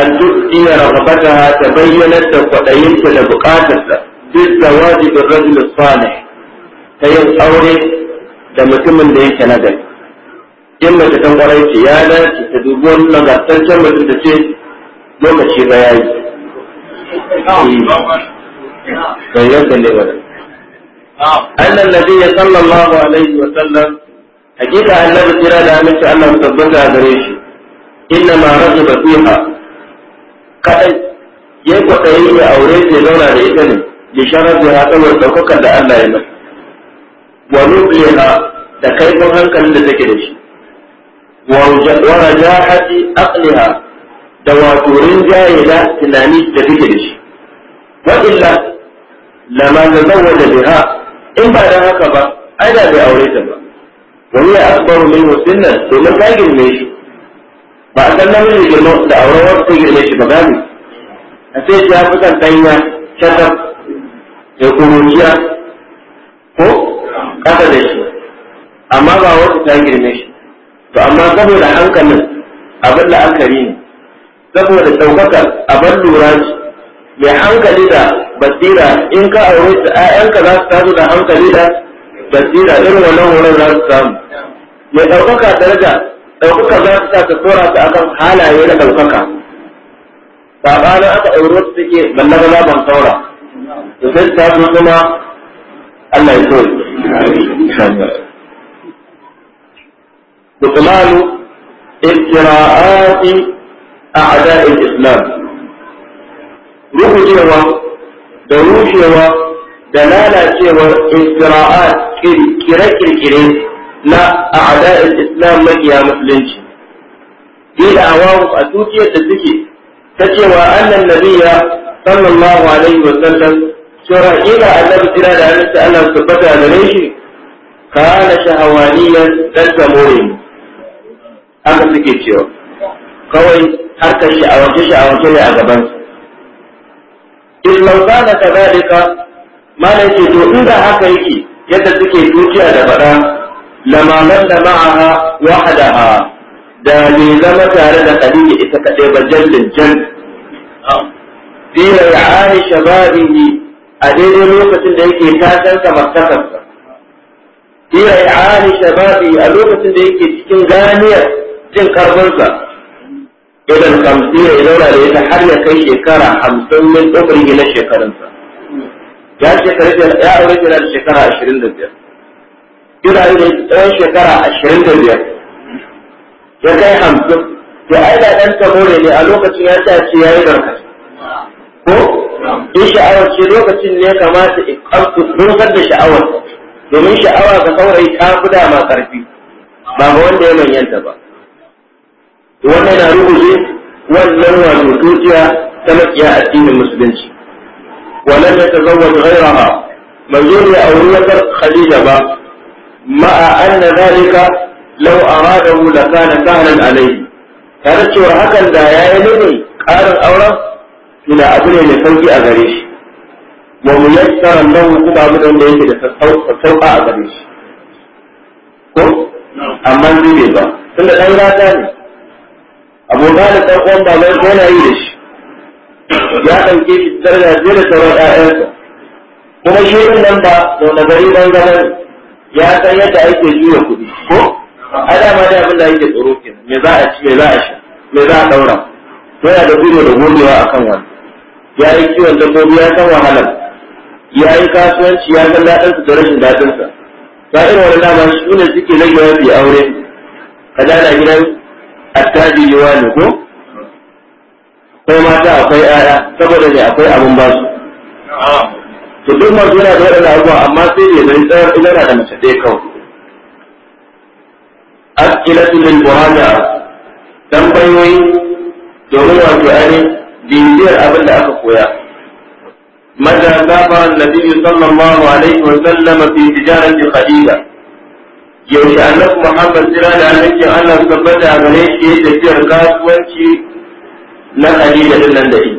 an tuddiya ragabataha ta bayyanar da kwadayinta da bukatarsa duk da wajibin rajul salih ta yin aure da mutumin da yake na gari in mace ta kwarai ce ya dace ta dubi wani nagartaccen mutum da ce lokaci ba ya
yi bai yankale
ba annan nabi sallallahu alaihi wa sallam hakika annabi kira da aminci Allah mu tabbata a gare shi inna ma rasu fiha kadai yayi kwatayi ya aure ce zauna da ita ne bi sharafiha saboda daukakar da Allah ya mai. wa ha da kaifin hankalin da take da shi wa rajahati aqliha da wato rinjaye na tunani da take da shi wa illa lama ta zawaja biha in ba dan haka ba ai da bai aure ta ba wani ya akbaru min musinnan domin ta girme shi ba a san namiji girma da auren wasu ta girme shi ba gani a sai ya fi kan ɗanya shatar da kuruciya ko ƙasa da shi amma ba wasu ta girme shi to amma saboda hankalin abin la'akari ne saboda ɗaukaka abin lura ce mai hankali da basira in ka aure su ƴaƴanka za su tazo da hankali da basira irin wannan wurin za su samu mai ɗaukaka daraja ɗaukaka za su sa ta tsora su akan halaye na ɗaukaka na aka aure su suke balla ba ban saura to sai su taso kuma Allah ya so Dukmanu ibtira'ati a'da'il Islam rukujewa da rushewa da lalacewar istira'at kirkire-kirkire na a'da'il islam makiya musulunci bi da a dukiyar da suke ta cewa annan nabiya sallallahu alaihi wa sallam cewa ila annabi jira da annabi Allah tabbata da rashi kana shahawaniyan dan samore haka suke cewa kawai harkar a sha'awace ne a gaban su. in lauka na kazalika malam ce to inda haka yake yadda suke dukiya da bara lamaman da ma'aha wahadaha da ne zama tare da khadija ita kaɗai ba jallin jan ya ani shababihi a daidai lokacin da yake tashin sa masakarsa ya ani shababi a lokacin da yake cikin ganiyar jin karfinsa idan kamsi ya zauna da ita har ya kai shekara hamsin min ɗaukar na shekarunsa ya shekara ya aure yana da shekara ashirin da biyar ina da tsawon shekara ashirin da biyar ya kai hamsin ya ai da ɗan tamore ne a lokacin ya sa ce ya yi garkaci ko in sha'awar ce lokacin ne kamata in ikkamtu dokar da sha'awar domin sha'awa ga saurayi ta fi dama ƙarfi ba ga wanda ya manyanta ba wannan na rubuce wannan wato dukiya ta makiya addinin musulunci wannan ya tazawwaj ghayraha manzo a auri wata khalida ba ma anna zalika law arada la kana kahlan alayhi kada cewa hakan da yayi nuni ƙarin auren? ina abu ne mai sauki a gare shi wa muyassara lahu kuma abu da yake da sauƙa a gare shi ko amma zai ba tunda ɗan rata ne abu da ɗan uwan baban yana yi da shi ya ɗauke shi daraja fiye da sauran ƴaƴansa kuma shi ɗin nan ba zaune gari ɗan zama ya san yadda ake juya kuɗi ko a dama da abin da ake tsoro kenan me za a ci me za a sha me za a ɗaura yana da gudu da a kan wani ya yi kiwon dabbobi ya san wahalar ya yi kasuwanci ya san daɗinsa da rashin daɗinsa ta irin wani dama su ne suke rage mafi aure ka dana gidan attabi wani ko akwai mata akwai ƴaƴa saboda ne akwai abin ba su to duk ma yana da waɗannan abubuwa amma sai ne bai tsayar idan da mace ɗaya kawai askilatu lil burada tambayoyi domin wato ainihin dindiyar abin da aka koya متى سافر النبي صلى الله عليه وسلم في تجارة خديجة yaushe annabi Muhammad jira da annabi Allah tabbata a gare shi yayin tafiyar kasuwanci na Khadija din nan da shi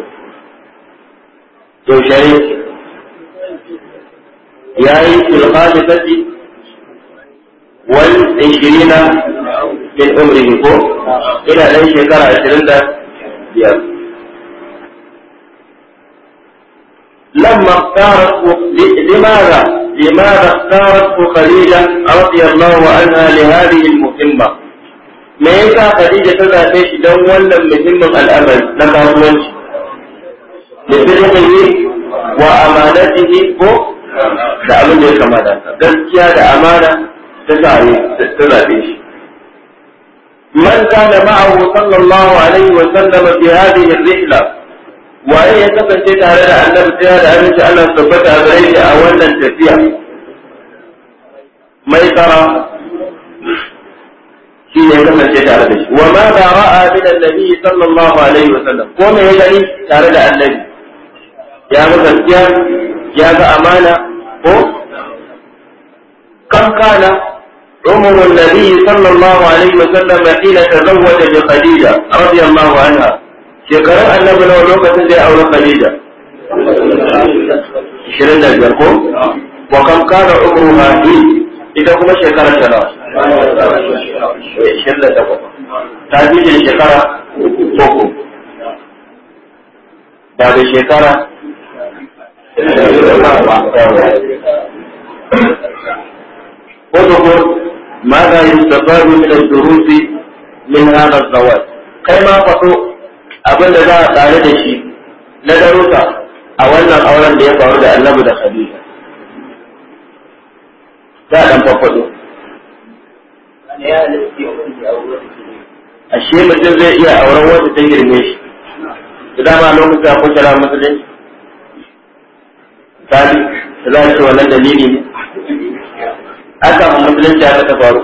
yaushe ne yayi tilqadi tati wal 20 min umrihi ko ila dan shekara 20 da biyar lamma qara limaza لماذا اختارته خديجة رضي الله عنها لهذه المهمة me yasa Khadija ta zaɓe shi don wannan muhimmin al'amari na kasuwanci da sirrihi wa amanatihi ko da abin da ya kamata gaskiya da amana ta zaɓe shi man kana ma'ahu sallallahu alaihi wa sallama fi hadhihi ar waye ya kasance tare da annabi sai da aminci Allah tabbata a gare shi a wannan tafiya mai tsara shi ne kasance tare da shi wa ma da ra'a min annabi sallallahu alaihi wa sallam ko me ya gani tare da annabi ya ga gaskiya ya ga amana ko kan kana عمر النبي صلى الله عليه وسلم حين تزوج بخديجة رضي الله عنها shekarun annabi nawa lokacin da ya aure Khadija ishirin da biyar ko wa kam kana umruha hi ita kuma shekara ta nawa ishirin da takwas ta fi shekara uku da da shekara اذكر ماذا يستفاد من الدروس من هذا الزواج كما فتو abin da za a tsare da shi na daruka a wannan auren da ya faru da annabi da khadija za a ɗan a Ashe mutum zai iya auren wata ta girme shi, da dama lokacin akwai shara musulunci. Misali, da za a ce wannan dalili ne. Aka mu musulunci aka ta faru.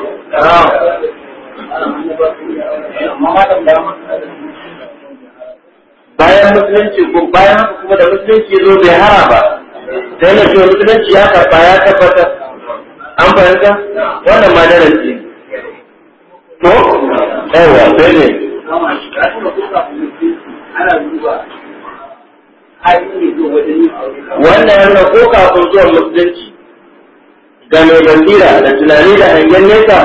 bayan musulunci ko bayan haka kuma da musulunci zo bai hara ba sai na cewa musulunci ya karba ya tabbata an fahimta wannan ma darasi to yawa sai ne wannan yana ko kafin zuwa musulunci ga mai bandira da tunani da hangen nesa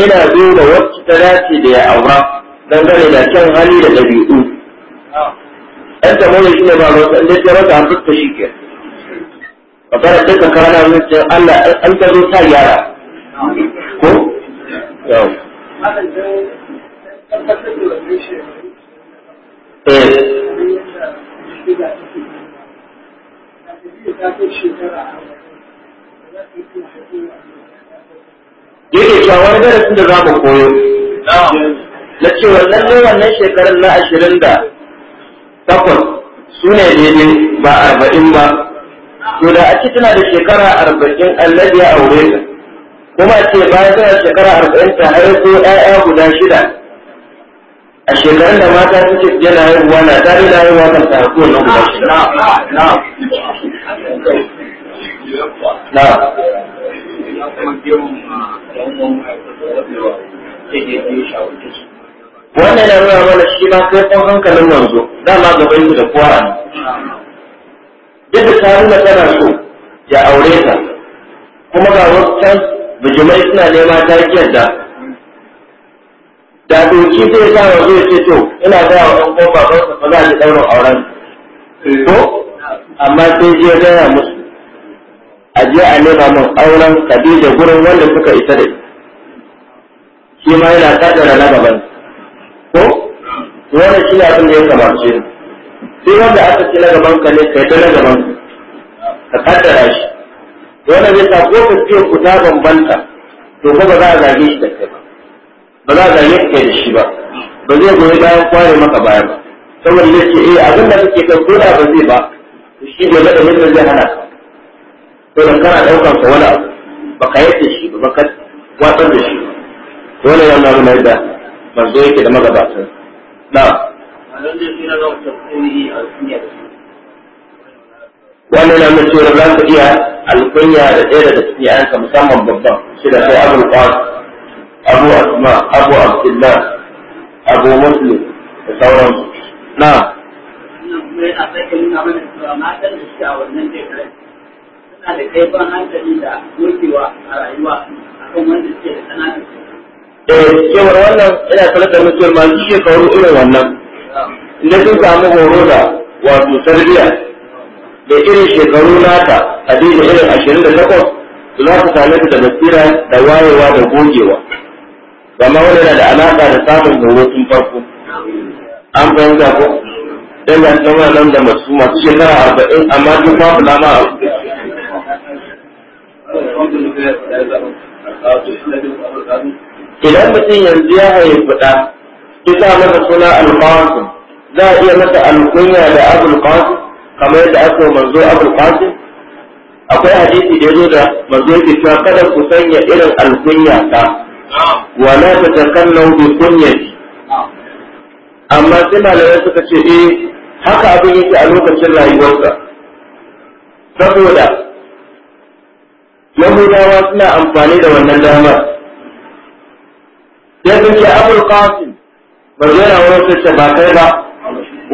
ina zo da wacce ta dace da ya aura dangane da kyan hali da ɗabi'u ɗan tamo ne shi ne ba ruwa ɗan jirgin rasa an fuska shi ke magana sai ka kara na ce Allah an ta zo ta yara ko yau eh yake cewa wani darasin da za mu koyo na cewa lallai wannan shekarar na ashirin da takwas su ne daidai ba arba'in ba to da a tana da shekara arba'in allabi ya aure ta kuma ce ya tana shekara arba'in ta ko ƴaƴa guda shida a shekarun da mata suke yana haihuwa na tare da haihuwa kan ta haihu wannan guda shida na na
wannan yana nuna mana shi ma kai kun hankalin
manzo dama ga shi da kowa ne duk da ta nuna tana so ya aure ta kuma ga wasu can bijimai suna nema ta yarda da doki zai sa wa zai ce to ina ga wa ɗan ko ba fa za ki ɗaurin auren to amma sai je gaya musu a je a nema min auren Khadija gurin wanda suka isa da shi ma yana kadara na gaban wannan shi ne abin da ya kamace sai wanda aka ce na gaban ka ne kai ta na gaban ka kaddara shi wannan zai sa ko ka fiye ku ta bambanta to ko ba za a zage shi da kai ba ba za a zage ka kai da shi ba ba zai goyi bayan kware maka baya ba saboda zai ce eh abin da kake kai ko da ba zai ba shi ne da mutum zai hana ka to dan kana daukan ka wani abu ba ka yadda shi ba ka watsar da shi wannan yana nuna da manzo yake da magabatar wannan na nuna cewa za ku iya alkunya da ɗaya daga cikin yayanka musamman babban shi da sai abu kwas abu asma abu abdullah abu muslim da sauransu na suna da kaifin hankali da gogewa a rayuwa akan wanda suke da ƙananan eh cewar wannan ina sanar da mutuwar masu shekaru irin wannan na sun samu horo da wato sarbiya da irin shekaru nata a daidai irin ashirin da takwas za su same su da basira da wayewa da gogewa amma wani yana da alaƙa da samun horo tun farko an fahimta ko dan da tsawon nan da masu masu shekara arba'in amma duk babu lama a Thank you. idan mutum yanzu ya haifi ɗa isa masa suna alƙawasin za a iya masa alkunya da abul qasim kamar yadda aka manzo abul qasim akwai hadisi da yazo da manzo yake cewa kada ku sanya irin alkunya ta wa la tatakallu bi kunyati amma sai malamai suka ce eh haka abin yake a lokacin rayuwarsa saboda yahudawa suna amfani da wannan damar sai sun ce abul qasim ba zai na wurin sai ce ba kai ba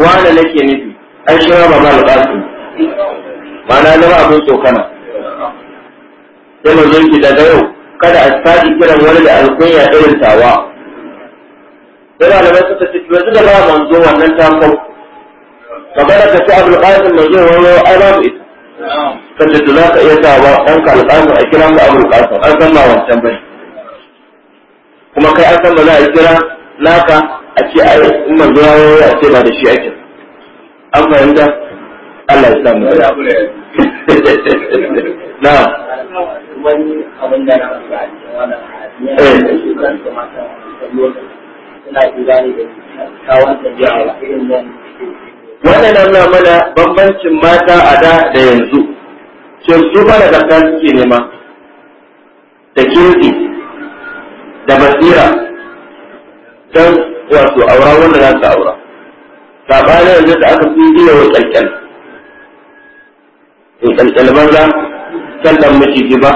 wani nake nufi an shi ba ba qasim da zama abin tsokana sai mu zo ki daga yau kada a sadi kiran wani da alkunya irin tawa sai malamai suka ce yanzu da ba manzo wannan ta kau magana ka ce abul qasim mai yin wani ai babu ita kan da za ka iya sa ba ɗanka alƙasim a kiran ka abul qasim an san ba wancan bane kuma kai an san ba za a kira naka a ce a in manzo ya yi a ce ba da shi ake an fahimta Allah ya samu na wani abin da na eh. wannan mata nan wannan mana bambancin mata a da da yanzu ce su fara da suke nema da kirki da basira don wato aura wanda za ka aura sabanin yanzu da aka fi iya wa kyalkyal in kyalkyal banza kyalkyal ji ba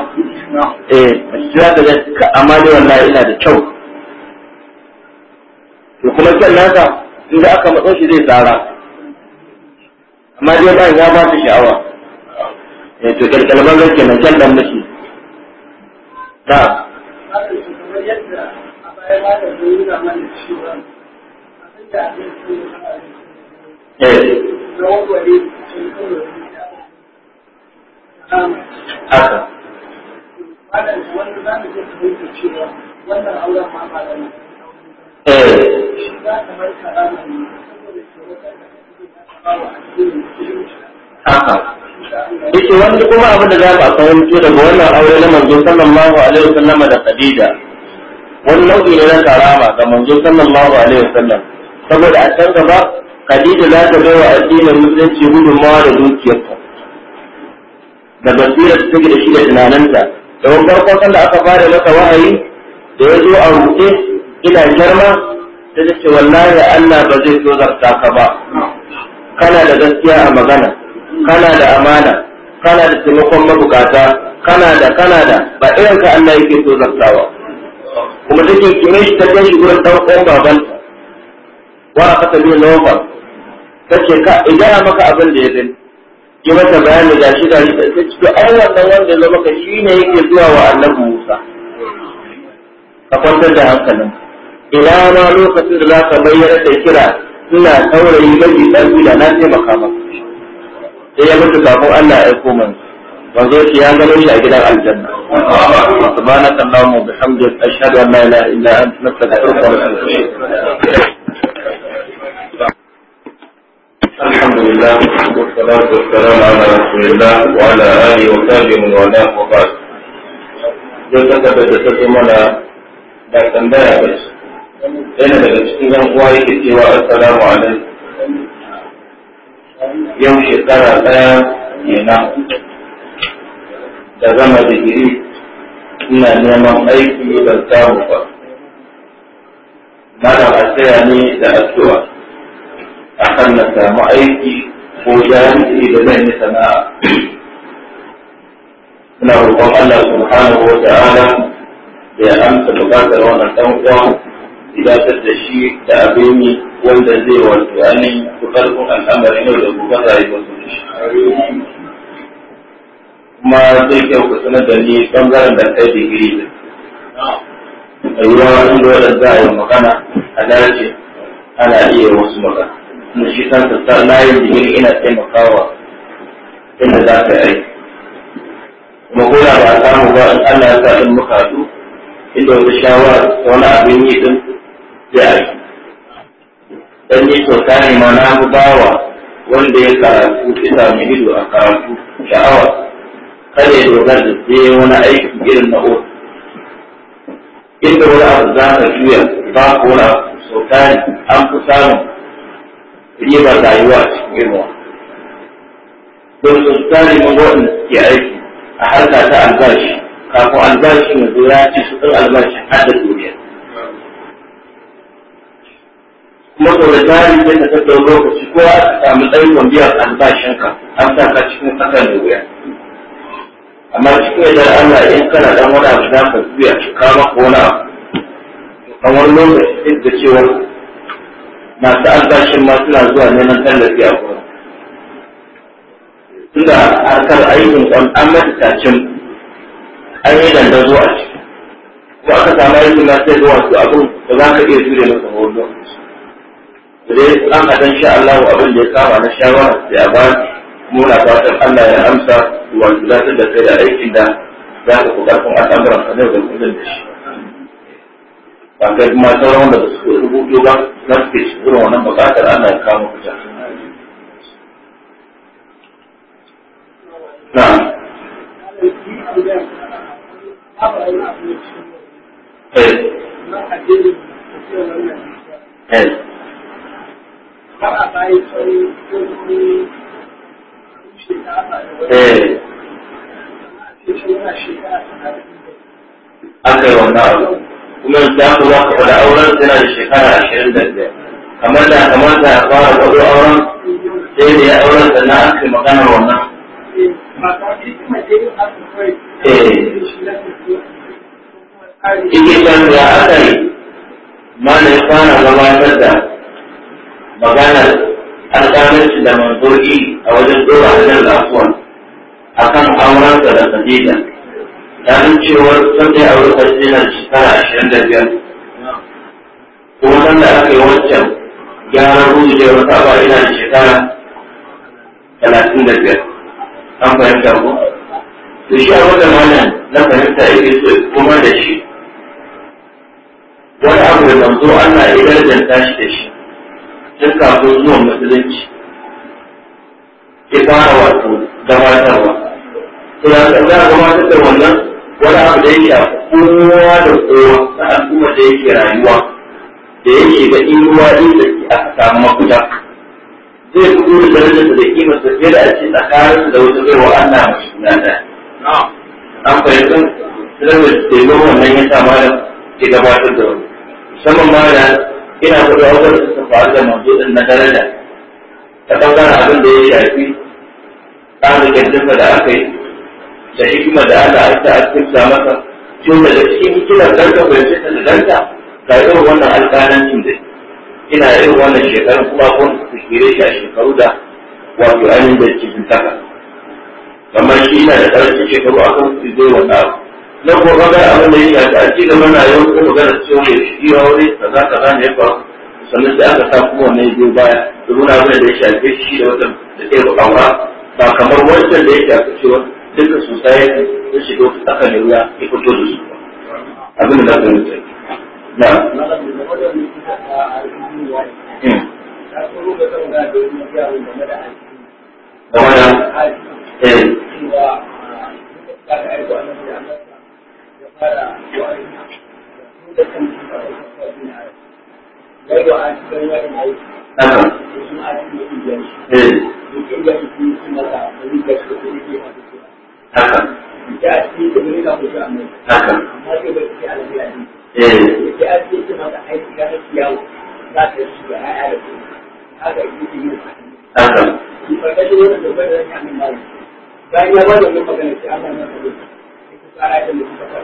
eh maciji za ka ka amali wallahi ina da kyau to kuma kyan nasa da aka matsa shi zai tsara amma dai ba ya ba shi sha'awa eh to kyalkyal banza kenan kyalkyal maciji
ta haka
wani kuma abin da za a fahimci daga wannan aure na manzo sallallahu alaihi wasallam da Khadija wani nau'i ne na karama ga manzo sallallahu alaihi wasallam saboda a can gaba Khadija za ta bai wa addinin musulunci gudunmawa da dukiyarta da basirar da take da shi da tunaninta da wani farkon sanda aka fara masa wahayi da ya zo a rute ina girma ta ce wallahi Allah ba zai so zarta ka ba kana da gaskiya a magana kana da amana kana da taimakon mabukata kana da kana da ba irin ka Allah yake so zartawa kuma take kime shi ta kai shi gurin dan uwan baban wara fata biyu na Ka ce ka idan maka abin da ya gani yi mata bayani da shi da shi da ta ce ai wannan wanda ka shi ne yake zuwa wa annabi Musa ka kwantar da hankalin ina ma lokacin da za ka bayyana da kira ina saurayi mafi ɗan da na taimaka maka sai ya mutu kafin Allah ya aiko manzo فزو كيان قالوا شيء كده على الجنة سبحانك اللهم وبحمدك أشهد أن لا إله إلا أنت نستغفرك الحمد لله والصلاة والسلام على رسول الله وعلى آله وصحبه من والاه وبعد جلسة أن منا لكن لا يبس أنا بجلسة من قوي كتير والسلام عليكم
يوم شكرا لا
ينام da zama digiri ina neman aiki ban samu ba mana a tsaya ne da addu'a akan na samu aiki ko jami'i da zan yi sana'a ina roƙon Allah subhanahu wa ta'ala da ya amsa buƙatar wannan ɗan uwa idatar da shi da abin yi wanda zai wato ainihin su ƙarfin al'amarin yau da gobe rayuwar su da shi. kuma zai kai ku sanar da ni bangaren da kai digiri da A yi wani inda wadda za a yi magana a dace ana iya wasu magana. Kuma shi kansa sa layin digiri ina taimakawa inda za ka yi aiki. Kuma ko da ba a samu ba in Allah ya sa in muka haɗu inda wata shawara ta wani abin yi din zai yi Dan ni kyauta ne ma na bawa wanda ya karatu ita mai ido a karatu sha'awa kada ya dogara da sai wani aikin irin na ofis inda wani abu za ka juya ba ko na sau an fi samun ribar rayuwa cikin girma don sau tari mun waɗanda suke aiki a harka ta albashi kafin albashi mai zura ce su ɗan albashi har da duniya kuma sau da tari zai ka tattara lokaci ko a samu ɗan kwambiyar albashinka an sa ka cikin ƙasar da wuya amma cikin yadda Allah in kana dan wani abu da ka juya cika maka wani abu a wani lokaci duk da cewa masu albashin ma suna zuwa neman tallafi a gurin tunda harkar aikin kwan an mata tacin an yi dandazo a ciki ko aka samu aikin na sai zuwa su abin da za ka iya jure masa wani lokaci. dai an haɗin sha Allah abin da ya kama na shawara sai a ba muna fatan Allah ya amsa wa zatar da kai da aikin da za ka kuka kun al'amuran ka ne da kullum da shi ba kai kuma sauran wanda ba su rubuto ba za su ke shigar wannan bukatar Allah ya kama fita. Na'am. Eh.
Eh. Eh.
aka yi wannan abu kuma ya kuma ka faɗa auren da shekara ashirin da biyar kamar da fara faɗo auren sai da ya auren sannan an magana wannan eh. Ike can ya aka yi, ma ya fara gabatar da maganar alƙalanci da manzoki a wajen ɗora hannun lafuwan a kan aurensa da Khadija. Danin cewar sun dai auri Khadija da shekara ashirin da biyar. Kuma nan da aka yi wancan gyaran rujewar wata ba ina da shekara talatin da biyar. An fahimta ko? To shi a wata mana na fahimta yake so kuma da shi. Wani abu da zanzo Allah ya darajar tashi da shi. Duk kafin zuwan musulunci ya fara wato gabatarwa Suna da a gabatar da wannan wani abu da ya shafi kowa da kowa na al'umma da yake rayuwa da yake ga inuwa inda aka samu mafita zai fito da darajarsa da kima kimarsa fiye da ake tsakaninsa da wajen baiwa Allah mai suna da. An fahimta darajar zo wannan ya sa malam ke gabatar da wani. Musamman ma ina da wajen da sun faru da mabudin na daraja ta ɓangaren abin da ya shafi tsarin gajinsa da aka yi da hikimar da ana aiki a cikin masa to da cikin hikimar garga fahimci ta da danta ga yau wannan alƙanancin da ina irin wannan shekarun kuma kun su kire shi a shekaru da wato ainihin da cikin taka kamar shi yana da ƙarancin shekaru a kan su zai wannan abu na gobe ga abin da ya shafi a ci gaba na yau ko magana cewa ya shi ya wuri kaza kaza ne ba sannan sai aka sa kuma wannan biyu baya domin abin da ya shafi shi da wata da ke bukawa ba kamar wancan da ya shafi cewa duka society ta shiga wata tsaka ne wuya ya fito da su abin da za ka nufi na game da hmm. eh bayan ya bada wannan magana sai Allah ya masa Alhamdulillah.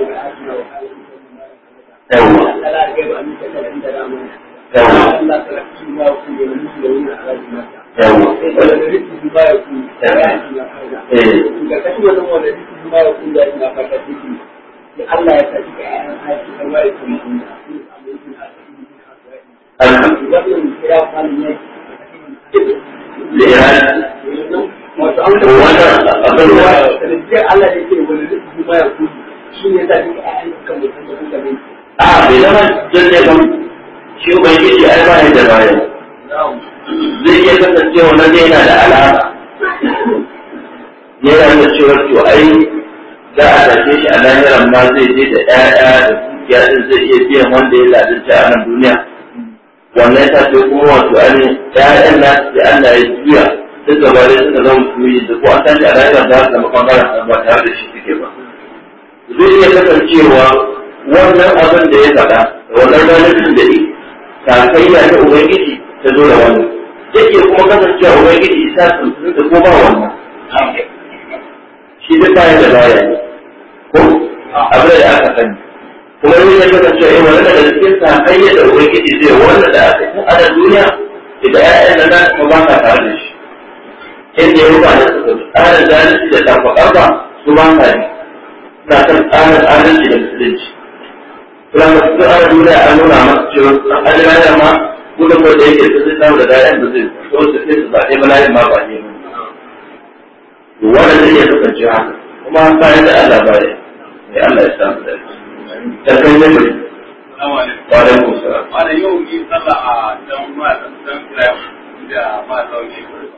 a bai zama jirgin kan shi ubangiji ai ba da baya zai iya kasancewa na zai yana da alama yana da cewa to ai za a tafi shi a lahiran ma zai je da ɗaya da dukiya din zai iya biyan wanda ya lalace a nan duniya wannan ta ce kuma wato ainihin ɗayan nasu da Allah ya juya duk da bare suka zama musulmi da ko an tashi a rayuwar da haka makamaran ba tare da shi suke ba zai iya kasancewa wannan abin da ya faɗa wannan ranar da ta ne kakaiya ta ubangiji ta zo da wannan zai iya kuma kasancewa ubangiji isa sun da ko ba wannan shi zai baya da baya ne ko abin da aka sani kuma zai iya kasancewa yin wannan da cikin kakaiya da ubangiji zai wannan da aka yi a duniya idan ya'yan nan da ba ka tare da shi yadda ya mutane suka tsarin zalunci da tafa ƙarfa su ma ka ne na kan tsarin adalci da musulunci kuma masu sun ana nuna a nuna masu cewa an adalaya ma gudun da yake sun zai samu da dayan da zai so su sai su zaɓe bala'in ma ba ne wanda zai iya kasance haka kuma bayan da Allah baya ya Allah ya samu da shi da kan yi mai wa da kusa. Wa da yau ni sallah a can ma da dan kira da ma da wani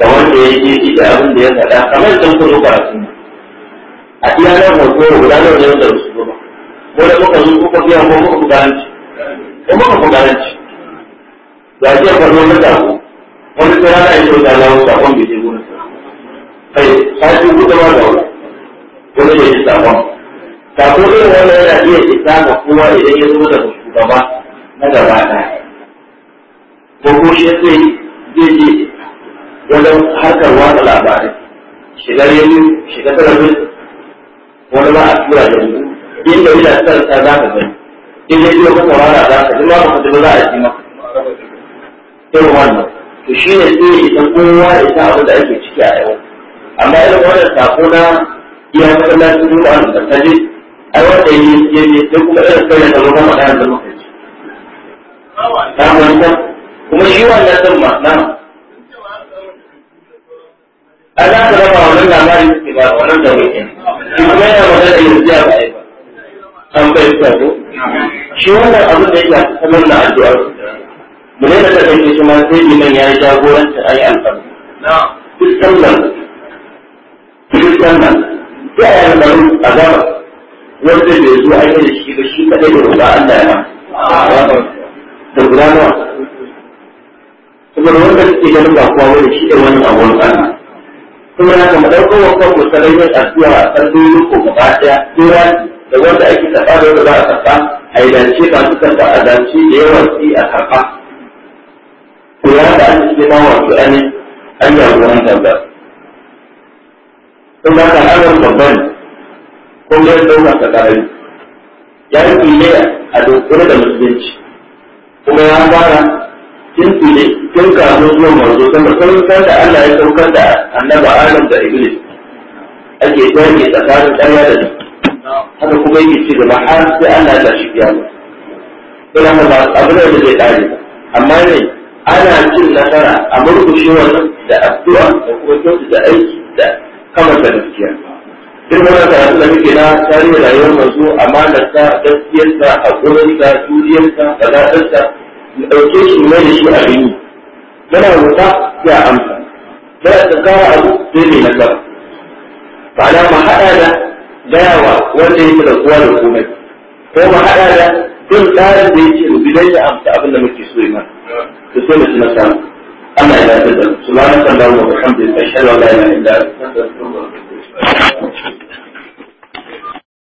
da wanda ya yi da abin da ya faɗa kamar da kuka zo karatu a iya nan hoto guda nan da yadda su gaba ko da muka zo kuka biya ko muka kudaranci ko muka kudaranci ya ce farko na sako wani tsara na iso da lawo sakon bai je gurin kai sai ku da wani wani ya ji sakon sako ne wanda yana iya isa ga kowa idan ya zo da shugaba na gaba ɗaya ko ko shi zai je wajen harkar watsa labarai shigar rediyo shiga talabijin wani ba a tura yanzu inda yana sarrafa za ka gani in ya da ka saurara za ka jima ba ka za a yi maka irin wannan to shi ne sai idan kowa ya san abin da ake ciki a yau amma irin wannan sako na iya masallacin nuna wani da kaje A yi wata yi ne sai kuma irin kai da zama magana da muka ji ta kuma shi wannan yi ma na a za ka raba wannan labari ke ba wannan da wai shi kuma yana magana yanzu ya ba an bai ta ko shi wannan abu da ya ta sanar da addu'a mu ne da ta kai shi ma sai liman ya jagoranta ayi alfarma duk sallan duk sallan sai a yi alfarma a gaba wanda bai zo aiki da shi ba shi kadai da roƙa Allah ya ma da gudanarwa saboda wanda suke ganin ba kowa wani shi da wani abuwan Allah kuma ya kama ɗauko wa kan musarai mai addu'a a ƙarfin yuko gaba ɗaya tsira da wanda ake karɓa da wanda za a karɓa a yi dace ba su karɓa a dace da yawan fi a karɓa. Ko ya da an cikin ma wato an an yi abuwan gaba. Sun ba ka ɗaukar babban kuma ya ɗaukar ka ƙarami. Ya yi ne a dokar da musulunci kuma ya fara jinsi ne tun kafin zuwan manzo sama sun da Allah ya saukar da annabi Adam da Iblis ake gane tsakanin ɗaya da haka kuma yake ci gaba har sai Allah ya tashi kiyama don haka ba abu da zai ƙare amma ne ana cin nasara a murkushe da addu'a da kuma kyautu da aiki da kamar da gaskiya duk wani karatu da muke na tarihi rayuwar manzo amanarsa gaskiyarsa haƙurinsa juriyarsa faɗaɗarsa ya ɗauke shi mai da shi a gani yana wuta ya amsa da ta kawo abu sai mai nasara ma'ana mu haɗa da gayawa wanda yake da kowa da komai ko mu haɗa da bin tsarin da yake rubi don ya amsa abin da muke so ima to sai mu ci nasara Allah ya dace da su subhanallahi wa bihamdihi ashhadu an la ilaha
illa anta astaghfiruka wa atubu ilayk